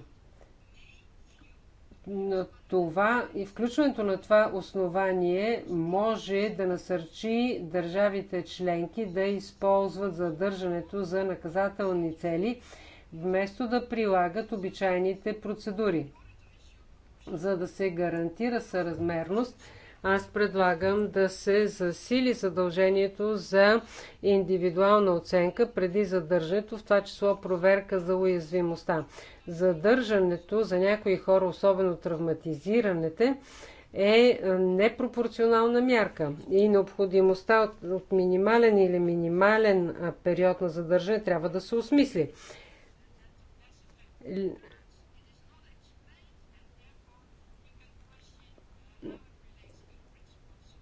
На това и включването на това основание може да насърчи държавите членки да използват задържането за наказателни цели, вместо да прилагат обичайните процедури. За да се гарантира съразмерност, аз предлагам да се засили задължението за индивидуална оценка преди задържането, в това число проверка за уязвимостта. Задържането за някои хора, особено травматизирането, е непропорционална мярка и необходимостта от, от минимален или минимален период на задържане трябва да се осмисли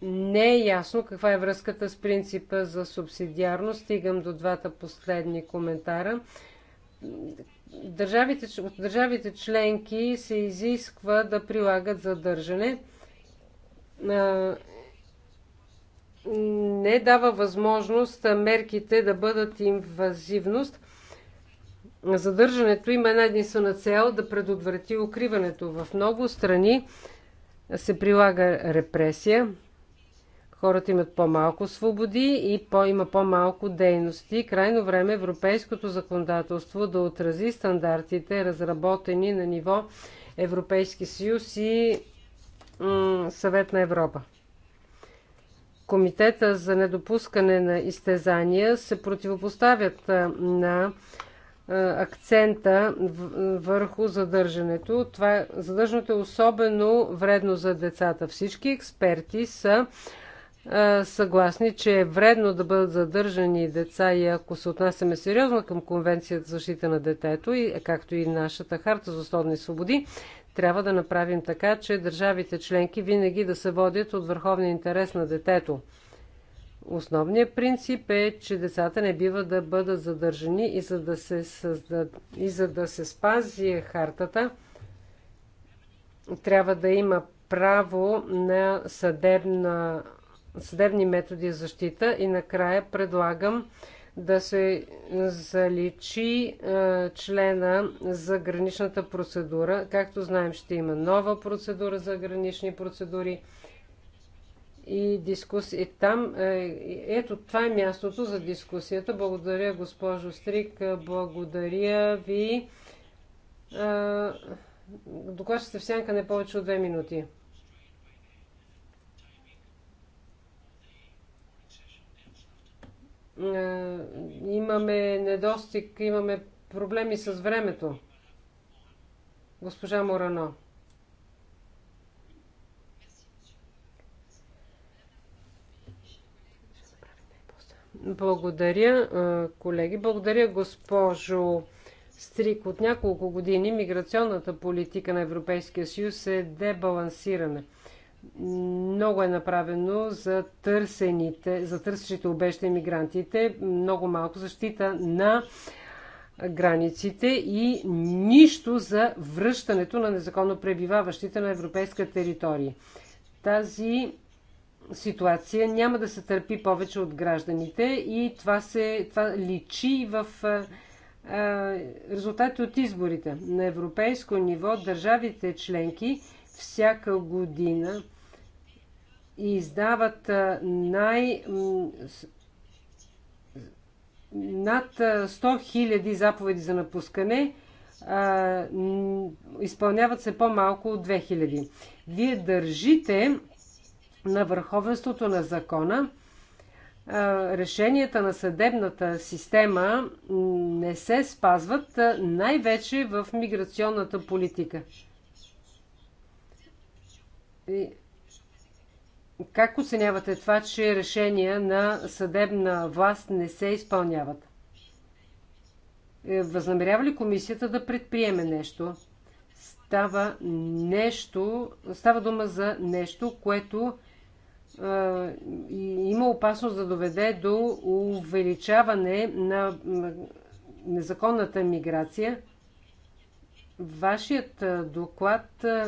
не е ясно каква е връзката с принципа за субсидиарност. Стигам до двата последни коментара. Държавите, от държавите членки се изисква да прилагат задържане. Не дава възможност мерките да бъдат инвазивност. Задържането има една единствена цел да предотврати укриването. В много страни се прилага репресия Хората имат по-малко свободи и по, има по-малко дейности. Крайно време е европейското законодателство да отрази стандартите, разработени на ниво Европейски съюз и Съвет на Европа. Комитета за недопускане на изтезания се противопоставят на акцента върху задържането. Това задържането е особено вредно за децата. Всички експерти са съгласни, че е вредно да бъдат задържани деца и ако се отнасяме сериозно към Конвенцията за защита на детето, и, както и нашата харта за основни свободи, трябва да направим така, че държавите членки винаги да се водят от върховния интерес на детето. Основният принцип е, че децата не бива да бъдат задържани и за да се, създад... и за да се спази хартата, трябва да има право на съдебна съдебни методи за защита. И накрая предлагам да се заличи е, члена за граничната процедура. Както знаем, ще има нова процедура за гранични процедури и дискусия. там, е, ето, това е мястото за дискусията. Благодаря, госпожо Стрик. Благодаря ви. Е, Докладчите в сянка не повече от две минути. Е, имаме недостиг, имаме проблеми с времето. Госпожа Морано. Благодаря, е, колеги. Благодаря, госпожо Стрик. От няколко години миграционната политика на Европейския съюз е дебалансирана. Много е направено за търсените, за търсещите обеща мигрантите, много малко защита на границите и нищо за връщането на незаконно пребиваващите на европейска територия. Тази ситуация няма да се търпи повече от гражданите и това, се, това личи в резултати от изборите. На европейско ниво държавите членки всяка година и издават най- над 100 000 заповеди за напускане, а, изпълняват се по-малко от 2000. Вие държите на върховенството на закона. решенията на съдебната система не се спазват най-вече в миграционната политика. И, как оценявате това, че решения на съдебна власт не се изпълняват? Е, възнамерява ли комисията да предприеме нещо? Става нещо, става дума за нещо, което е, има опасност да доведе до увеличаване на незаконната миграция. Вашият е, доклад е,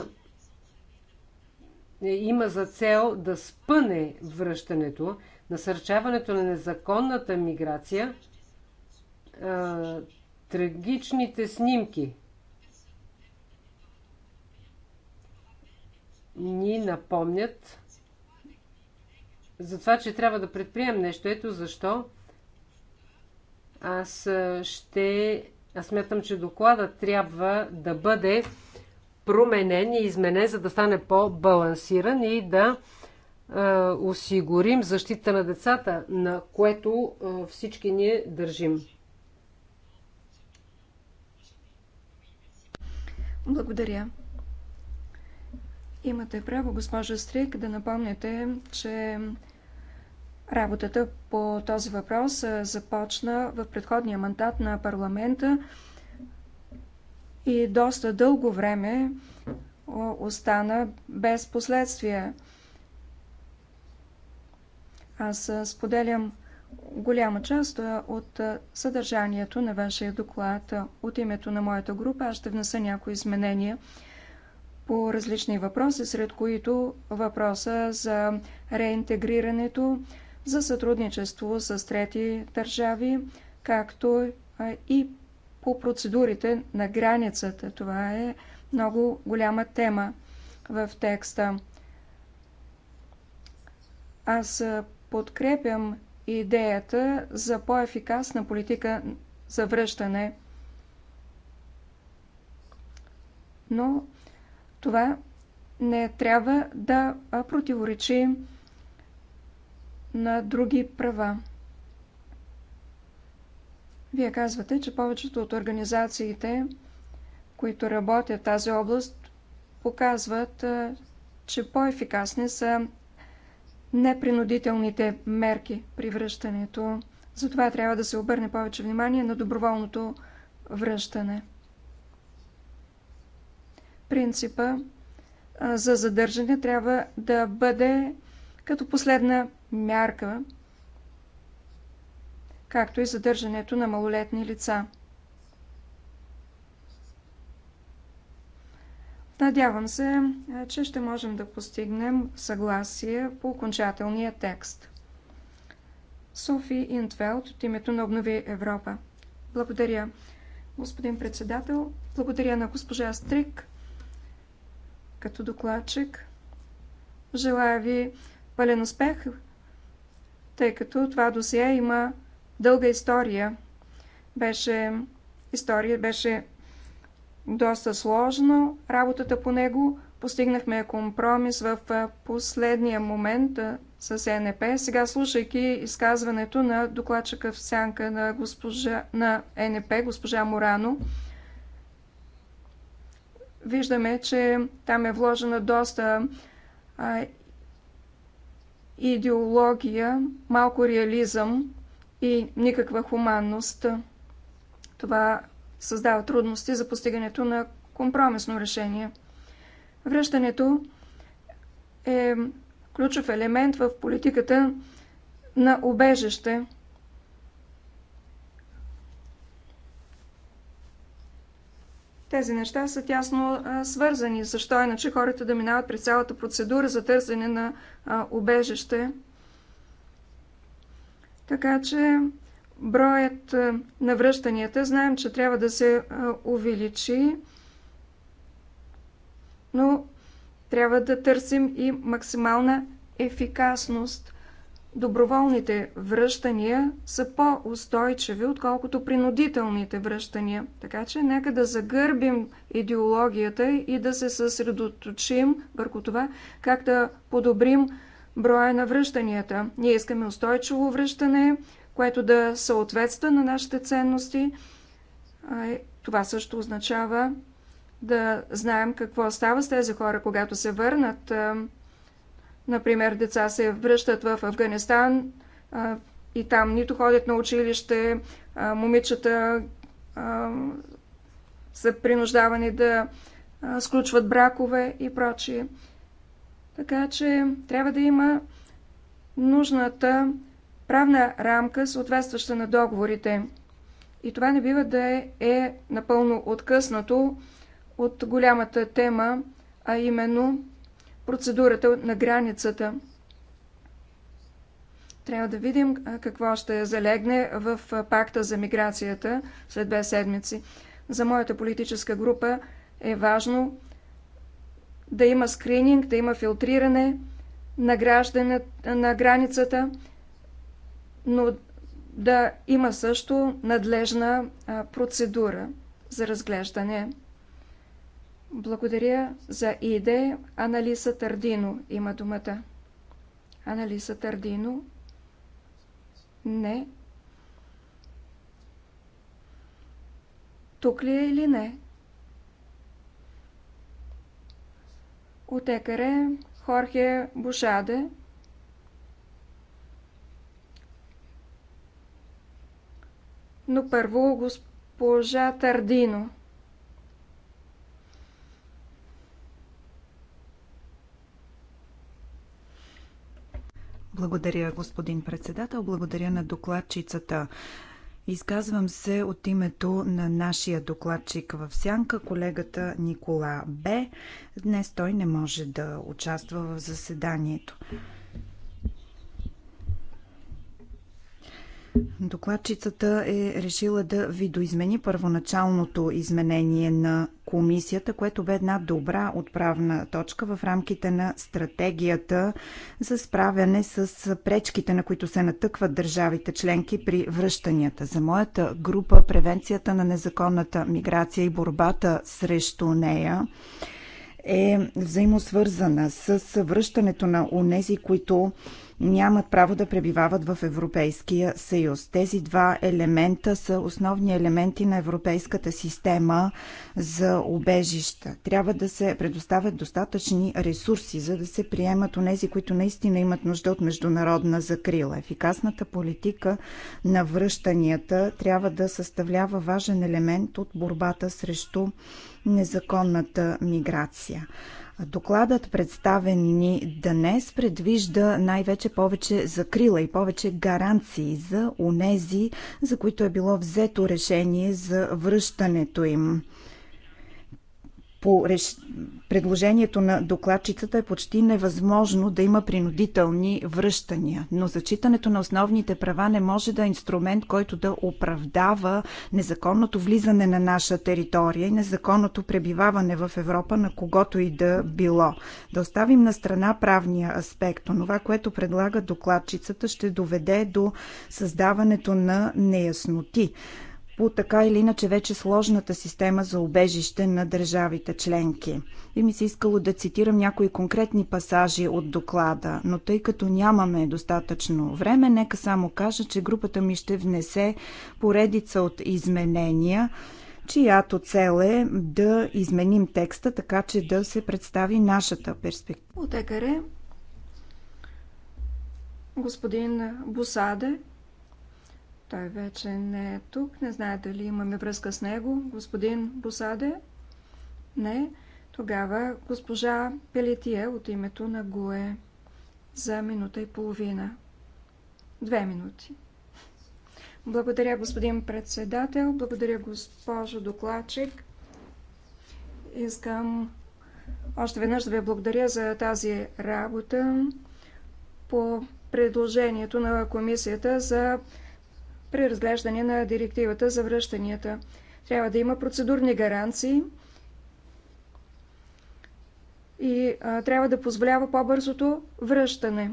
е, има за цел да спъне връщането, насърчаването на незаконната миграция, а, трагичните снимки ни напомнят за това, че трябва да предприем нещо. Ето защо аз ще... Аз смятам, че доклада трябва да бъде променен и изменен, за да стане по-балансиран и да а, е, осигурим защита на децата, на което а, е, всички ние държим. Благодаря. Имате право, госпожа Стрик, да напомняте, че работата по този въпрос е, започна в предходния мандат на парламента и доста дълго време остана без последствия. Аз споделям голяма част от съдържанието на вашия доклад. От името на моята група аз ще внеса някои изменения по различни въпроси, сред които въпроса за реинтегрирането, за сътрудничество с трети държави, както и по процедурите на границата. Това е много голяма тема в текста. Аз подкрепям идеята за по-ефикасна политика за връщане, но това не трябва да противоречи на други права. Вие казвате, че повечето от организациите, които работят в тази област, показват, че по-ефикасни са непринудителните мерки при връщането. Затова трябва да се обърне повече внимание на доброволното връщане. Принципа за задържане трябва да бъде като последна мярка както и задържането на малолетни лица. Надявам се, е, че ще можем да постигнем съгласие по окончателния текст. Софи Интвелд от името на Обнови Европа. Благодаря, господин председател. Благодаря на госпожа Стрик като докладчик. Желая ви пълен успех, тъй като това досия има дълга история. Беше, история беше доста сложно. Работата по него постигнахме компромис в последния момент с НП. Сега, слушайки изказването на докладчика в сянка на, госпожа, на НП, госпожа Морано, виждаме, че там е вложена доста а, идеология, малко реализъм и никаква хуманност. Това създава трудности за постигането на компромисно решение. Връщането е ключов елемент в политиката на обежище. Тези неща са тясно свързани. Защо иначе хората да минават през цялата процедура за търсене на обежище? Така че броят е, на връщанията знаем, че трябва да се е, увеличи, но трябва да търсим и максимална ефикасност. Доброволните връщания са по-устойчиви, отколкото принудителните връщания. Така че нека да загърбим идеологията и да се съсредоточим върху това как да подобрим броя на връщанията. Ние искаме устойчиво връщане, което да съответства на нашите ценности. Това също означава да знаем какво става с тези хора, когато се върнат. Например, деца се връщат в Афганистан и там нито ходят на училище, момичета са принуждавани да сключват бракове и прочие. Така че трябва да има нужната правна рамка, съответстваща на договорите. И това не бива да е, е напълно откъснато от голямата тема, а именно процедурата на границата. Трябва да видим какво ще залегне в пакта за миграцията след две седмици. За моята политическа група е важно да има скрининг, да има филтриране на, граждане, на границата, но да има също надлежна процедура за разглеждане. Благодаря за ИД. Аналиса Тардино има думата. Аналиса Тардино? Не. Тук ли е или не? Отекаре Хорхе Бушаде. Но първо госпожа Тардино. Благодаря, господин председател. Благодаря на докладчицата Изказвам се от името на нашия докладчик в Сянка, колегата Никола Б. Днес той не може да участва в заседанието. Докладчицата е решила да видоизмени първоначалното изменение на комисията, което бе една добра отправна точка в рамките на стратегията за справяне с пречките, на които се натъкват държавите членки при връщанията. За моята група превенцията на незаконната миграция и борбата срещу нея е взаимосвързана с връщането на онези, които нямат право да пребивават в Европейския съюз. Тези два елемента са основни елементи на европейската система за убежища. Трябва да се предоставят достатъчни ресурси, за да се приемат у нези, които наистина имат нужда от международна закрила. Ефикасната политика на връщанията трябва да съставлява важен елемент от борбата срещу незаконната миграция. Докладът, представен ни днес, предвижда най-вече повече закрила и повече гаранции за унези, за които е било взето решение за връщането им по реш... предложението на докладчицата е почти невъзможно да има принудителни връщания, но зачитането на основните права не може да е инструмент, който да оправдава незаконното влизане на наша територия и незаконното пребиваване в Европа на когото и да било. Да оставим на страна правния аспект. Онова, което предлага докладчицата, ще доведе до създаването на неясноти по така или иначе вече сложната система за убежище на държавите членки. И ми се искало да цитирам някои конкретни пасажи от доклада, но тъй като нямаме достатъчно време, нека само кажа, че групата ми ще внесе поредица от изменения, чиято цел е да изменим текста, така че да се представи нашата перспектива. Отекаре, господин Бусаде, той вече не е тук. Не знае дали имаме връзка с него. Господин Босаде? Не. Тогава госпожа Пелетия от името на Гуе за минута и половина. Две минути. Благодаря, господин председател. Благодаря, госпожо докладчик. Искам още веднъж да ви благодаря за тази работа по предложението на комисията за при разглеждане на директивата за връщанията. Трябва да има процедурни гаранции и а, трябва да позволява по-бързото връщане.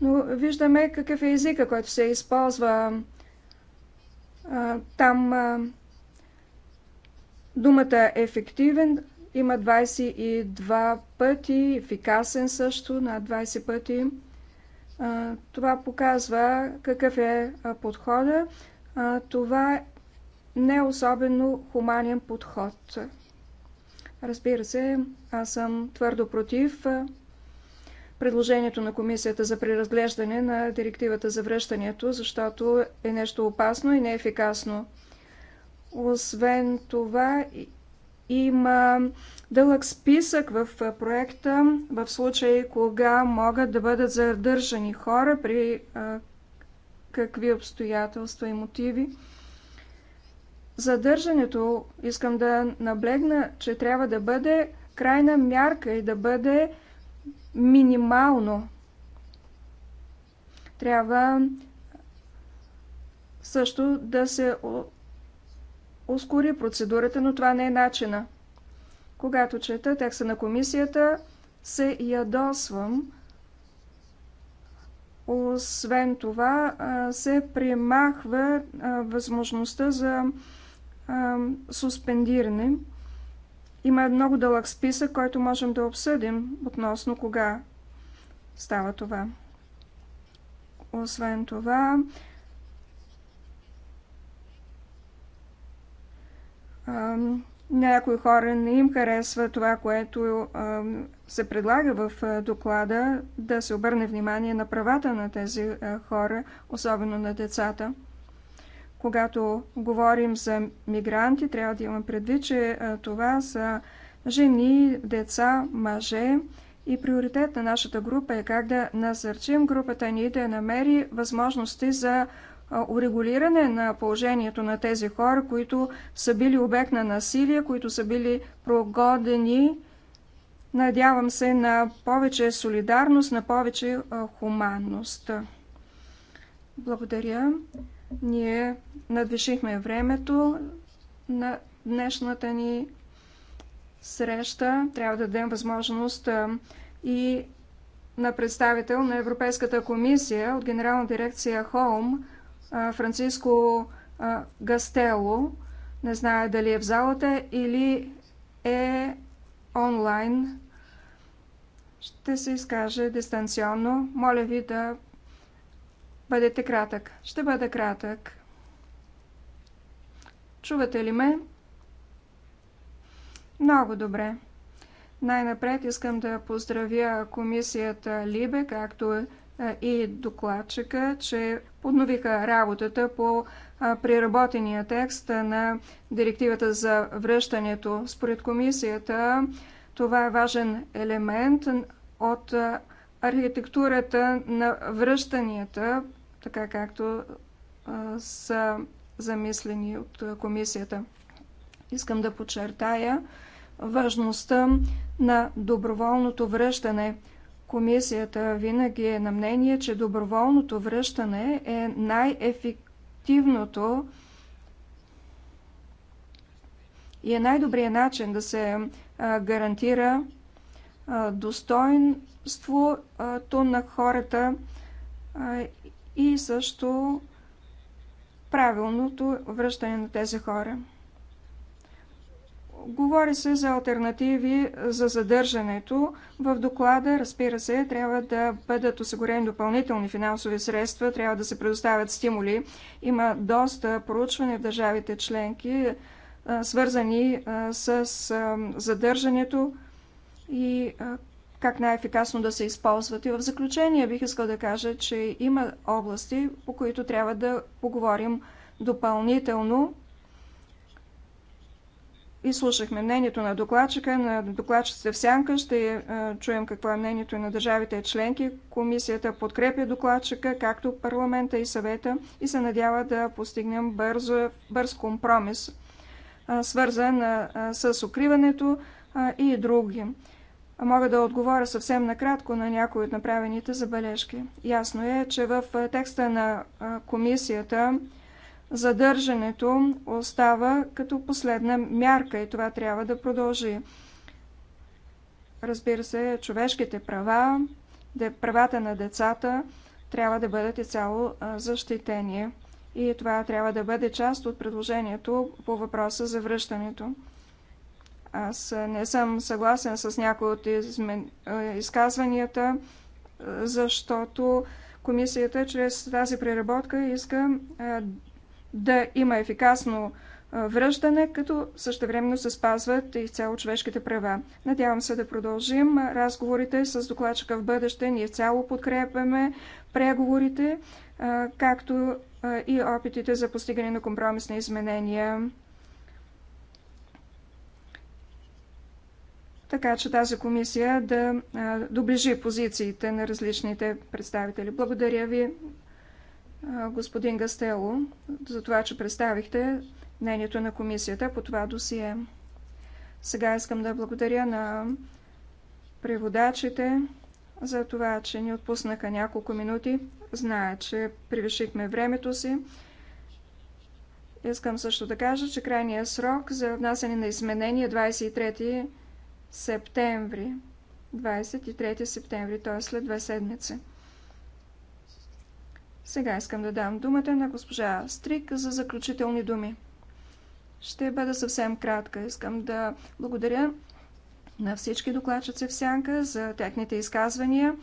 Но виждаме какъв е езика, който се използва а, там. А, думата е ефективен има 22 пъти, ефикасен също, над 20 пъти. Това показва какъв е подхода. Това не е особено хуманен подход. Разбира се, аз съм твърдо против предложението на комисията за преразглеждане на директивата за връщането, защото е нещо опасно и неефикасно. Освен това, има дълъг списък в проекта в случай кога могат да бъдат задържани хора, при какви обстоятелства и мотиви. Задържането, искам да наблегна, че трябва да бъде крайна мярка и да бъде минимално. Трябва също да се ускори процедурата, но това не е начина. Когато чета текста на комисията, се ядосвам. Освен това, се примахва възможността за суспендиране. Има много дълъг списък, който можем да обсъдим относно кога става това. Освен това, някои хора не им харесва това, което се предлага в доклада, да се обърне внимание на правата на тези хора, особено на децата. Когато говорим за мигранти, трябва да имам предвид, че това са жени, деца, мъже. И приоритет на нашата група е как да насърчим групата ни да намери възможности за урегулиране на положението на тези хора, които са били обект на насилие, които са били прогодени. Надявам се на повече солидарност, на повече хуманност. Благодаря. Ние надвишихме времето на днешната ни среща. Трябва да дадем възможност и на представител на Европейската комисия от Генерална дирекция Home Франциско Гастело. Не знае дали е в залата или е онлайн. Ще се изкаже дистанционно. Моля ви да бъдете кратък. Ще бъда кратък. Чувате ли ме? Много добре. Най-напред искам да поздравя комисията Либе, както и докладчика, че подновиха работата по преработения текст на директивата за връщането. Според комисията това е важен елемент от архитектурата на връщанията, така както са замислени от комисията. Искам да подчертая важността на доброволното връщане – Комисията винаги е на мнение, че доброволното връщане е най-ефективното и е най-добрият начин да се гарантира достоинството на хората и също правилното връщане на тези хора. Говори се за альтернативи за задържането. В доклада, разбира се, трябва да бъдат осигурени допълнителни финансови средства, трябва да се предоставят стимули. Има доста проучване в държавите членки, свързани с задържането и как най-ефикасно да се използват. И в заключение бих искал да кажа, че има области, по които трябва да поговорим допълнително и слушахме мнението на докладчика, на докладчица в сянка. Ще е, чуем какво е мнението и на държавите членки. Комисията подкрепя докладчика, както парламента и съвета и се надява да постигнем бързо, бърз компромис, свързан с укриването и други. Мога да отговоря съвсем накратко на някои от направените забележки. Ясно е, че в текста на комисията задържането остава като последна мярка и това трябва да продължи. Разбира се, човешките права, правата на децата трябва да бъдат изцяло защитени. И това трябва да бъде част от предложението по въпроса за връщането. Аз не съм съгласен с някои от измен... изказванията, защото комисията чрез тази преработка иска да има ефикасно връщане, като същевременно се спазват и цяло човешките права. Надявам се да продължим разговорите с докладчика в бъдеще. Ние цяло подкрепяме преговорите, както и опитите за постигане на компромисни изменения. Така че тази комисия да доближи позициите на различните представители. Благодаря ви господин Гастело за това, че представихте мнението на комисията по това досие. Сега искам да благодаря на преводачите за това, че ни отпуснаха няколко минути. Зная, че превишихме времето си. Искам също да кажа, че крайният срок за внасяне на изменение 23 е септември. 23 септември, т.е. след две седмици. Сега искам да дам думата на госпожа Стрик за заключителни думи. Ще бъда съвсем кратка. Искам да благодаря на всички докладчици в Сянка за техните изказвания.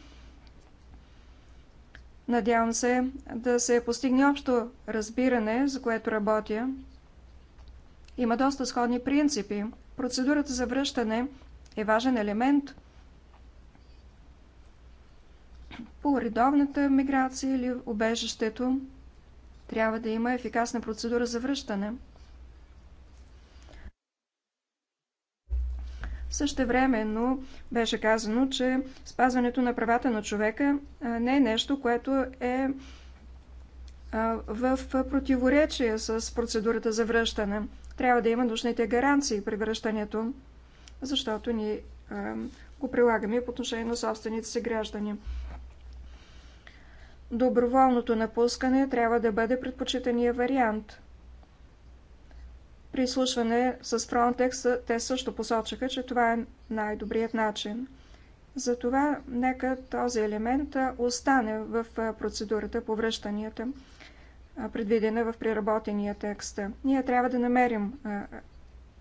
Надявам се да се постигне общо разбиране, за което работя. Има доста сходни принципи. Процедурата за връщане е важен елемент по редовната миграция или обежището трябва да има ефикасна процедура за връщане. Същевременно беше казано, че спазването на правата на човека не е нещо, което е в противоречие с процедурата за връщане. Трябва да има нужните гаранции при връщането, защото ни го прилагаме по отношение на собствените си граждани доброволното напускане трябва да бъде предпочитания вариант. При изслушване с Frontex те също посочиха, че това е най-добрият начин. Затова нека този елемент остане в процедурата по връщанията, предвидена в преработения текст. Ние трябва да намерим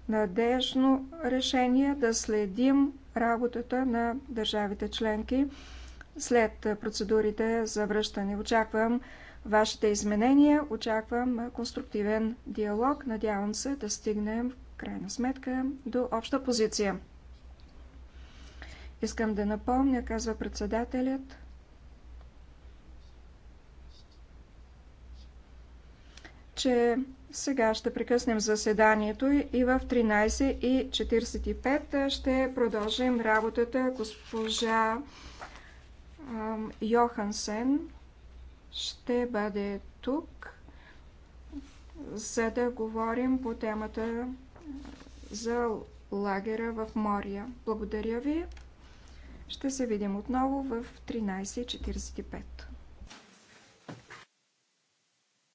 надежно решение, да следим работата на държавите членки след процедурите за връщане очаквам вашите изменения, очаквам конструктивен диалог. Надявам се да стигнем в крайна сметка до обща позиция. Искам да напомня, казва председателят, че сега ще прекъснем заседанието и в 13.45 ще продължим работата. Госпожа Йохансен ще бъде тук, за да говорим по темата за лагера в Мория. Благодаря ви. Ще се видим отново в 13.45.